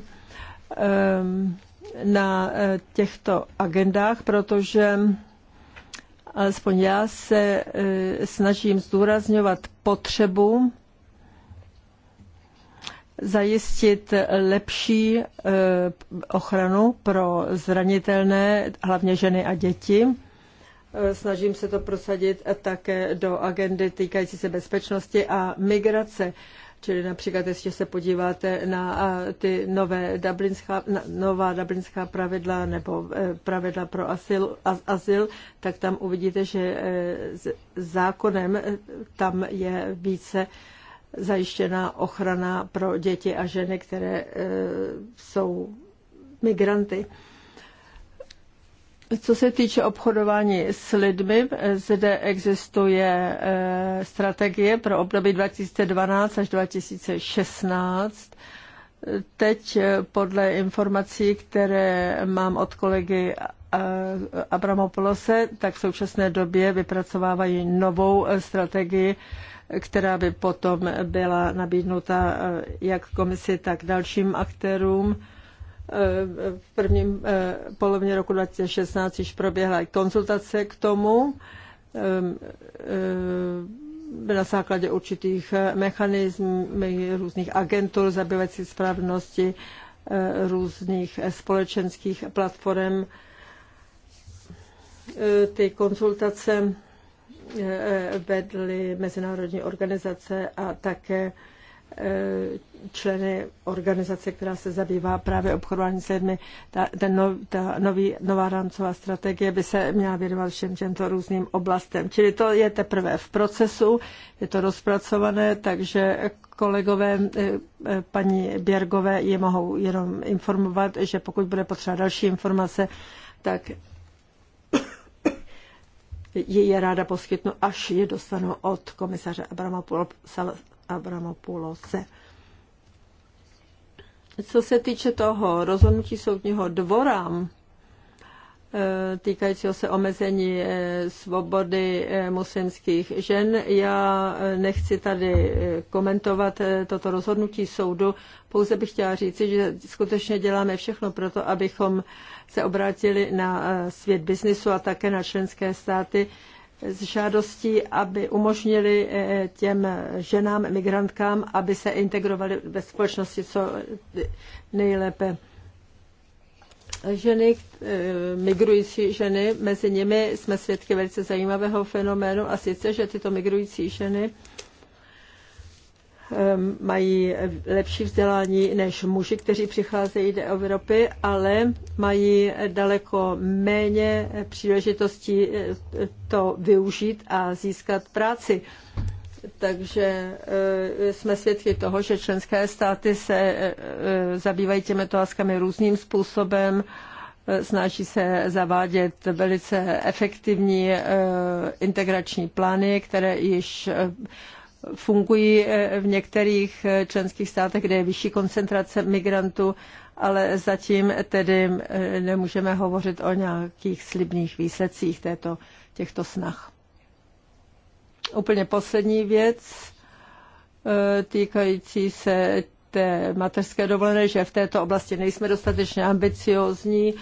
ehm, na eh, těchto agendách, protože alespoň já se snažím zdůrazňovat potřebu zajistit lepší eh, ochranu pro zranitelné, hlavně ženy a děti. Eh, snažím se to prosadit také do agendy týkající se bezpečnosti a migrace. Čili například, jestli se podíváte na eh, ty nové dublinská, nová dublinská pravidla nebo pravidla pro asyl, azyl, tak tam uvidíte, že zákonem tam je více zajištěná ochrana pro děti a ženy, které e, jsou migranty. Co se týče obchodování s lidmi, zde existuje e, strategie pro období 2012 až 2016. Teď e, podle informací, které mám od kolegy Abramopolose, tak v současné době vypracovávají novou strategii, která by potom byla nabídnuta eh, jak komisi, tak dalším aktérům. Eh, v prvním eh, polovině roku 2016 již proběhla konzultace k tomu ehm, na základě určitých mechanismů, různých agentur zabývajících správnosti, různých společenských platform Eh, ty konzultace eh, vedly mezinárodní organizace a také eh, členy organizace, která se zabývá právě obchodování s lidmi. Ta, ten no, ta nový, nová rámcová strategie by se měla věnovat všem těmto různým oblastem. Čili to je teprve v procesu, je to rozpracované, takže kolegové paní Běrgové je mohou jenom informovat, že pokud bude potřeba další informace, tak je, je ráda poskytnu, až je dostanu od komisaře Abramopulose. Co se týče toho rozhodnutí soudního dvora, Eh, týkajícího se omezení eh, svobody eh, muslimských žen. Já nechci tady komentovat toto rozhodnutí soudu, pouze bych chtěla říci, že skutečně děláme všechno pro to, abychom se obrátili na svět biznisu a také na členské státy s žádostí, aby umožnili těm ženám, migrantkám, aby se integrovali ve společnosti co nejlépe ženy, eh, migrující ženy, mezi nimi jsme svědky velice zajímavého fenoménu a sice, že tyto migrující ženy ehm, mají lepší vzdělání než muži, kteří přicházejí do Evropy, ale mají daleko méně příležitostí eh, to využít a získat práci. Takže e, jsme svědky toho, že členské státy se e, e, zabývají těmi otázkami různým způsobem, snaží se zavádět velice efektivní integrační plány, které již fungují v některých členských státech, kde je vyšší koncentrace migrantů, ale zatím tedy nemůžeme hovořit o nějakých slibných výsledcích této, těchto snah úplně poslední věc e, týkající se té mateřské dovolené, že v této oblasti nejsme dostatečně ambiciozní.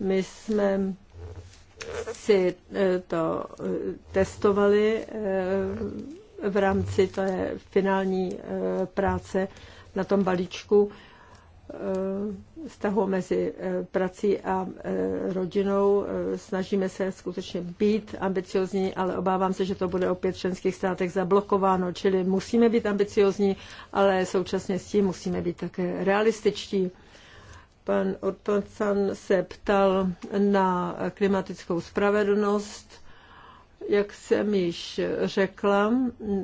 My jsme si e, to e, testovali v rámci té finální práce na tom balíčku vztahu mezi eh, prací a eh, rodinou. Eh, snažíme se skutečně být ambiciozní, ale obávám se, že to bude opět v členských státech zablokováno, čili musíme být ambiciozní, ale současně s tím musíme být také realističtí. Pan Ortonsan se ptal na klimatickou spravedlnost. Jak jsem již řekla,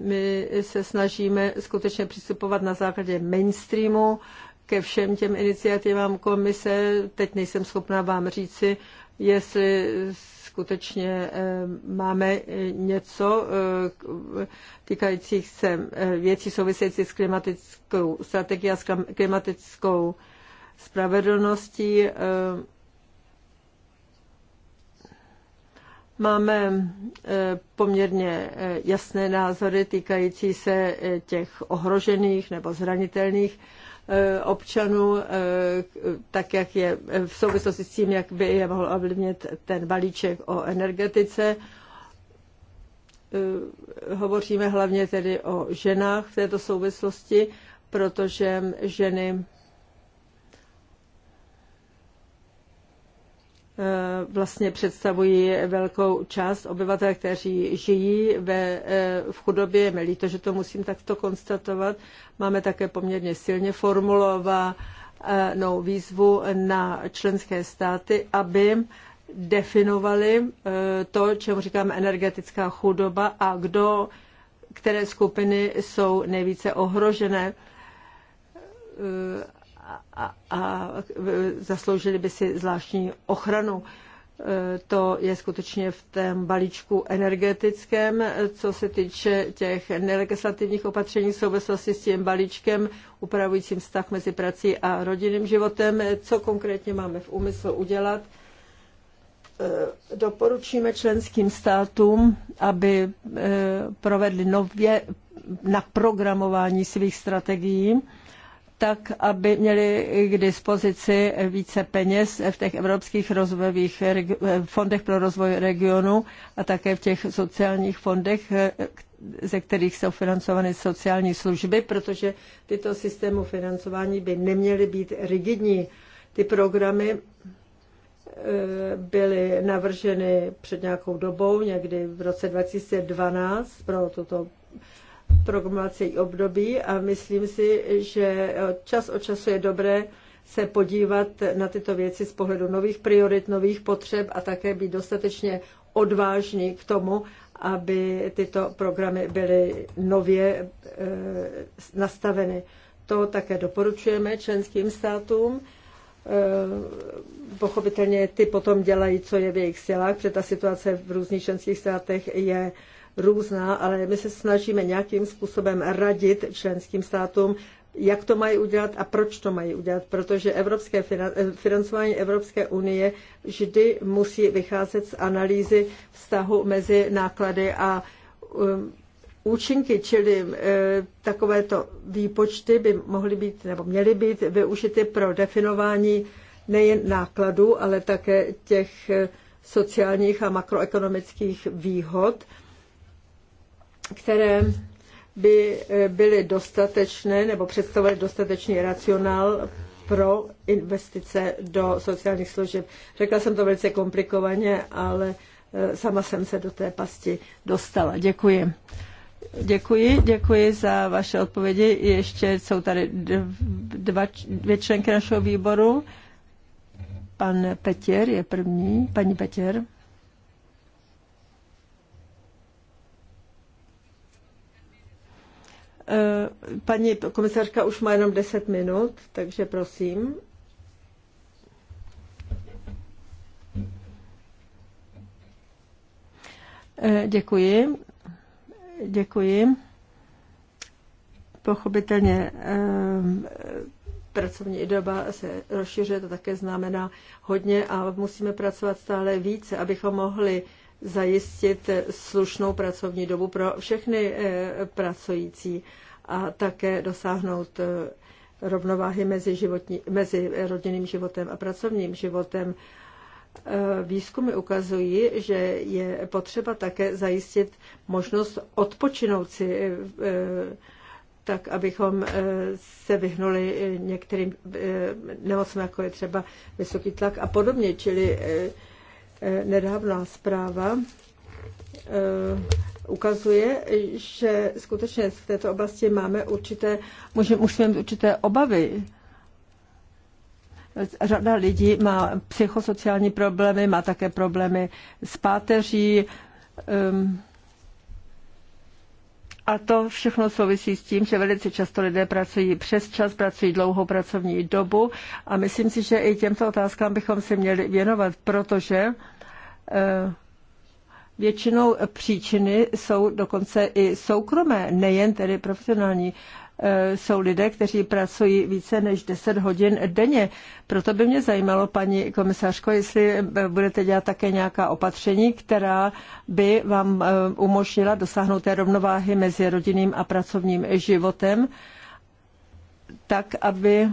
my se snažíme skutečně přistupovat na základě mainstreamu ke všem těm iniciativám komise. Teď nejsem schopná vám říci, jestli skutečně eh, máme eh, něco eh, týkajících se věcí související s klimatickou strategií a s klimatickou spravedlností. Máme poměrně jasné názory týkající se těch ohrožených nebo zranitelných Eh, občanů, eh, tak jak je eh, v souvislosti s tím, jak by je mohl ovlivnit ten balíček o energetice. Hovoříme hlavně tedy o ženách v této souvislosti, protože ženy E, vlastně představují velkou část obyvatel, kteří žijí ve, e, v chudobě. Je mi líto, že to musím takto konstatovat. Máme také poměrně silně formulovanou výzvu na členské státy, aby definovali e, to, čemu říkáme energetická chudoba a kdo, které skupiny jsou nejvíce ohrožené a, a zasloužili by si zvláštní ochranu. E, to je skutečně v tom balíčku energetickém, co se týče těch nelegislativních opatření v souvislosti s tím balíčkem upravujícím vztah mezi prací a rodinným životem. Co konkrétně máme v úmyslu udělat? E, doporučíme členským státům, aby e, provedli nově naprogramování svých strategií tak aby měli k dispozici více peněz v těch evropských rozvojových fondech pro rozvoj regionu a také v těch sociálních fondech, ze kterých jsou financovány sociální služby, protože tyto systémy financování by neměly být rigidní. Ty programy eh, byly navrženy před nějakou dobou, někdy v roce 2012 pro tuto programovací období a myslím si, že eh, čas od času je dobré se podívat na tyto věci z pohledu nových priorit, nových potřeb a také být dostatečně odvážní k tomu, aby tyto programy byly nově eh, nastaveny. To také doporučujeme členským státům. Eh, pochopitelně ty potom dělají, co je v jejich silách, protože ta situace v různých členských státech je různá, ale my se snažíme nějakým způsobem radit členským státům, jak to mají udělat a proč to mají udělat, protože evropské eh, financování Evropské unie vždy musí vycházet z analýzy vztahu mezi náklady a eh, účinky, čili eh, takovéto výpočty by mohly být nebo měly být využity pro definování nejen nákladů, ale také těch sociálních a makroekonomických výhod které by eh, byly dostatečné nebo představovaly dostatečný racionál pro investice do sociálních služeb. Řekla jsem to velice komplikovaně, ale eh, sama jsem se do té pasti dostala. Děkuji. Děkuji, děkuji za vaše odpovědi. Ještě jsou tady dva, dvě členky našeho výboru. Pan Petěr je první. Paní Petěr. Eh, paní komisařka už má jenom 10 minut, takže prosím. Eh, děkuji. Děkuji. Pochopitelně eh, pracovní doba se rozšiřuje, to také znamená hodně a musíme pracovat stále více, abychom mohli zajistit slušnou pracovní dobu pro všechny eh, pracující a také dosáhnout eh, rovnováhy mezi, životní, mezi rodinným životem a pracovním životem. Eh, výzkumy ukazují, že je potřeba také zajistit možnost odpočinout si tak abychom se vyhnuli některým nemocem, jako je třeba vysoký tlak a podobně. Čili nedávná zpráva eh, ukazuje, že skutečně v této oblasti máme určité, můžeme, už mít určité obavy. Řada lidí má psychosociální problémy, má také problémy s páteří. Um, a to všechno souvisí s tím, že velice často lidé pracují přes čas, pracují dlouhou pracovní dobu a myslím si, že i těmto otázkám bychom se měli věnovat, protože uh, Eh, většinou příčiny jsou dokonce i soukromé, nejen tedy profesionální. Eh, jsou lidé, kteří pracují více než 10 hodin denně. Proto by mě zajímalo, paní komisařko, jestli eh, budete dělat také nějaká opatření, která by vám umožnila dosáhnout té rovnováhy mezi rodinným a pracovním životem, tak aby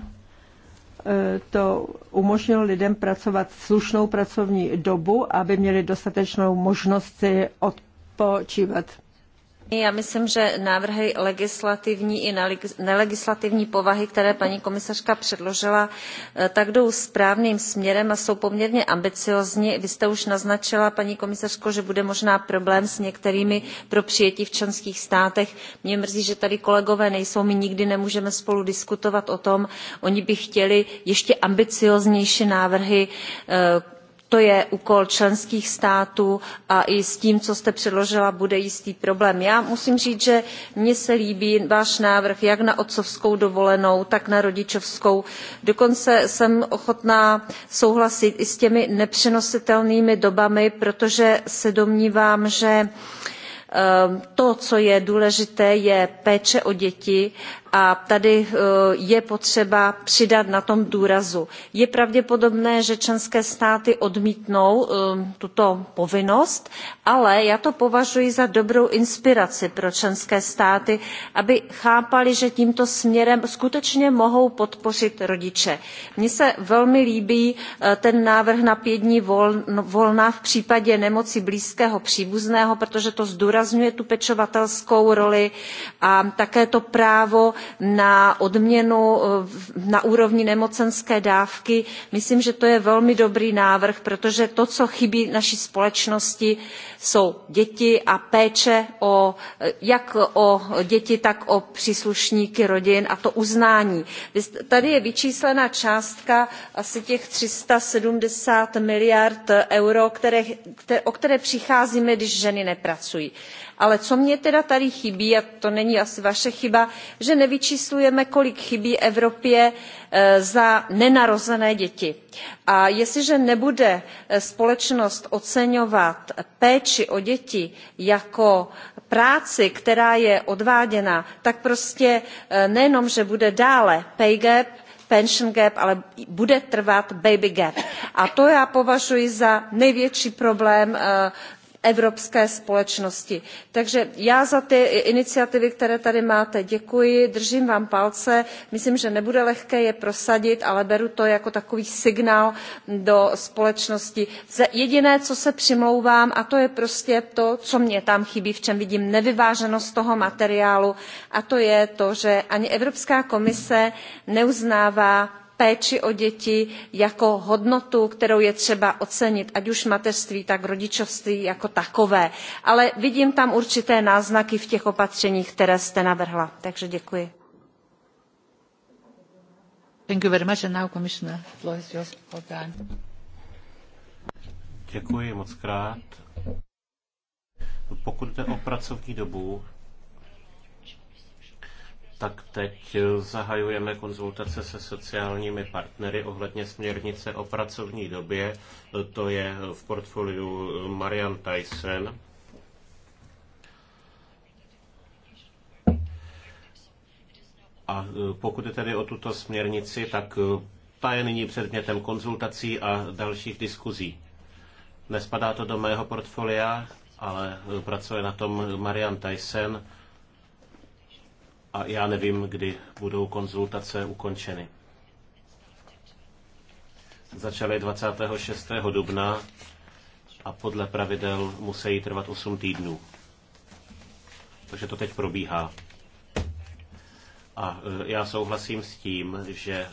to umožnilo lidem pracovat slušnou pracovní dobu, aby měli dostatečnou možnost si odpočívat. Já myslím, že návrhy legislativní i nelegislativní povahy, které paní komisařka předložila, eh, tak jdou správným směrem a jsou poměrně ambiciózní. Vy jste už naznačila, paní komisařko, že bude možná problém s některými pro přijetí v členských státech. Mě mrzí, že tady kolegové nejsou, my nikdy nemůžeme spolu diskutovat o tom. Oni by chtěli ještě ambicióznější návrhy eh, to je úkol členských států a i s tím co jste předložila bude jistý problém. já musím říct že mně se líbí váš návrh jak na otcovskou dovolenou tak na rodičovskou dokonce jsem ochotná souhlasit i s těmi nepřenositelnými dobami protože se domnívám že eh, to co je důležité je péče o děti a tady eh, je potřeba přidat na tom důrazu. je pravděpodobné že členské státy odmítnou eh, tuto povinnost ale já to považuji za dobrou inspiraci pro členské státy aby chápaly že tímto směrem skutečně mohou podpořit rodiče. mně se velmi líbí eh, ten návrh na pět dní volna v případě nemoci blízkého příbuzného protože to zdůrazňuje tu pečovatelskou roli a také to právo na odměnu eh, na úrovni nemocenské dávky. Myslím, že to je velmi dobrý návrh, protože to, co chybí naší společnosti, jsou děti a péče o, jak o děti, tak o příslušníky rodin a to uznání. Tady je vyčíslena částka asi těch 370 miliard euro, které, které, o které přicházíme, když ženy nepracují ale co mně teda tady chybí a to není asi vaše chyba že nevyčíslujeme kolik chybí evropě e, za nenarozené děti. a jestliže nebude e, společnost oceňovat péči o děti jako práci která je odváděna tak prostě e, nejenom že bude dále pay gap pension gap ale bude trvat baby gap a to já považuji za největší problém evropské společnosti. takže já za ty iniciativy které tady máte děkuji držím vám palce myslím že nebude lehké je prosadit ale beru to jako takový signál do společnosti. jediné co se přimlouvám a to je prostě to co mně tam chybí v čem vidím nevyváženost toho materiálu a to je to že ani evropská komise neuznává péči o děti jako hodnotu kterou je třeba ocenit ať už mateřství tak rodičovství jako takové ale vidím tam určité náznaky v těch opatřeních která jste navrhla takže děkuji. Děkuji moc krát. Pokud jde o pracovní dobu, tak teď zahajujeme konzultace se sociálními partnery ohledně směrnice o pracovní době. To je v portfoliu Marian Tyson. A pokud je tedy o tuto směrnici, tak ta je nyní předmětem konzultací a dalších diskuzí. Nespadá to do mého portfolia, ale pracuje na tom Marian Tyson a já nevím, kdy budou konzultace ukončeny. Začaly 26. dubna a podle pravidel musí trvat 8 týdnů. Takže to teď probíhá. A e, já souhlasím s tím, že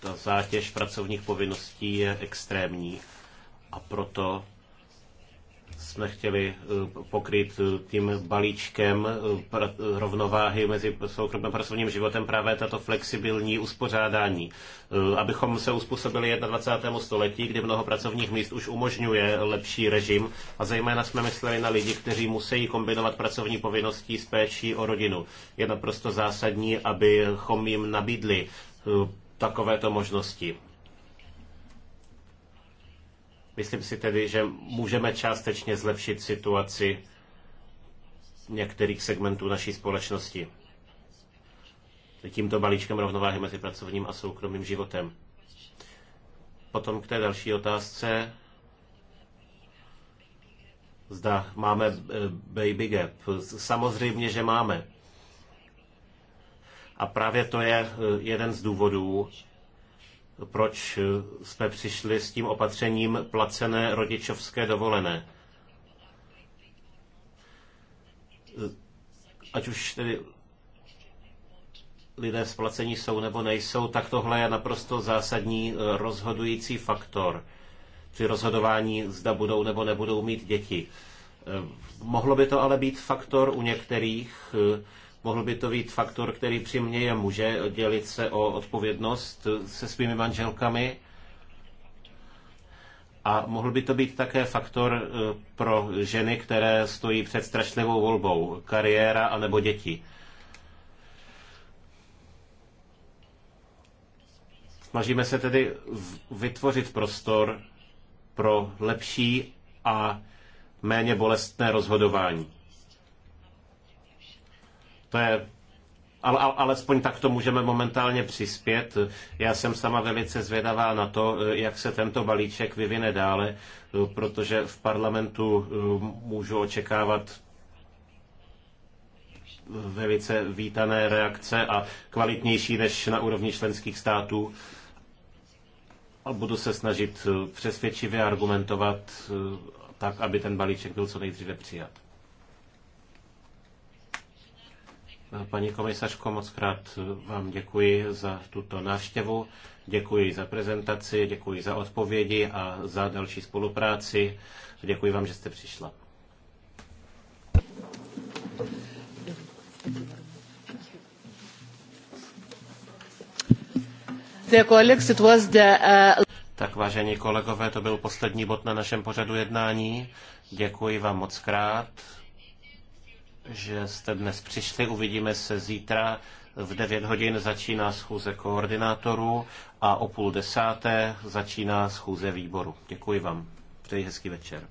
ta zátěž pracovních povinností je extrémní a proto jsme chtěli eh, pokryt eh, tím balíčkem eh, rovnováhy mezi soukromým pracovním životem právě tato flexibilní uspořádání. Abychom se uspůsobili 21. století, kdy mnoho pracovních míst už umožňuje lepší režim a zejména jsme mysleli na lidi, kteří musí kombinovat pracovní povinnosti s péčí o rodinu. Je naprosto zásadní, abychom jim nabídli takovéto možnosti. Myslím si tedy, že můžeme částečně zlepšit situaci některých segmentů naší společnosti tímto balíčkem rovnováhy mezi pracovním a soukromým životem. Potom k té další otázce. Zda máme eh, baby gap. Samozřejmě, že máme. A právě to je eh, jeden z důvodů, proč jsme přišli s tím opatřením placené rodičovské dovolené. Ať už tedy lidé splacení jsou nebo nejsou, tak tohle je naprosto zásadní eh, rozhodující faktor při rozhodování, zda budou nebo nebudou mít děti. Eh, mohlo by to ale být faktor u některých, eh, Mohl by to být faktor, který přiměje muže dělit se o odpovědnost se svými manželkami. A mohl by to být také faktor eh, pro ženy, které stojí před strašlivou volbou kariéra anebo děti. Snažíme se tedy vytvořit prostor pro lepší a méně bolestné rozhodování. To je ale, ale, alespoň tak to můžeme momentálně přispět. Já jsem sama velice zvědavá na to, jak se tento balíček vyvine dále, protože v parlamentu eh, můžu očekávat velice vítané reakce a kvalitnější než na úrovni členských států. A budu se snažit eh, přesvědčivě argumentovat eh, tak, aby ten balíček byl co nejdříve přijat. Paní komisařko, moc krát vám děkuji za tuto návštěvu, děkuji za prezentaci, děkuji za odpovědi a za další spolupráci. Děkuji vám, že jste přišla. Uh, tak vážení kolegové, to byl poslední bod na našem pořadu jednání. Děkuji vám moc krát že jste dnes přišli. Uvidíme se zítra. V 9 hodin začíná schůze koordinátorů a o půl desáté začíná schůze výboru. Děkuji vám. Přeji hezký večer.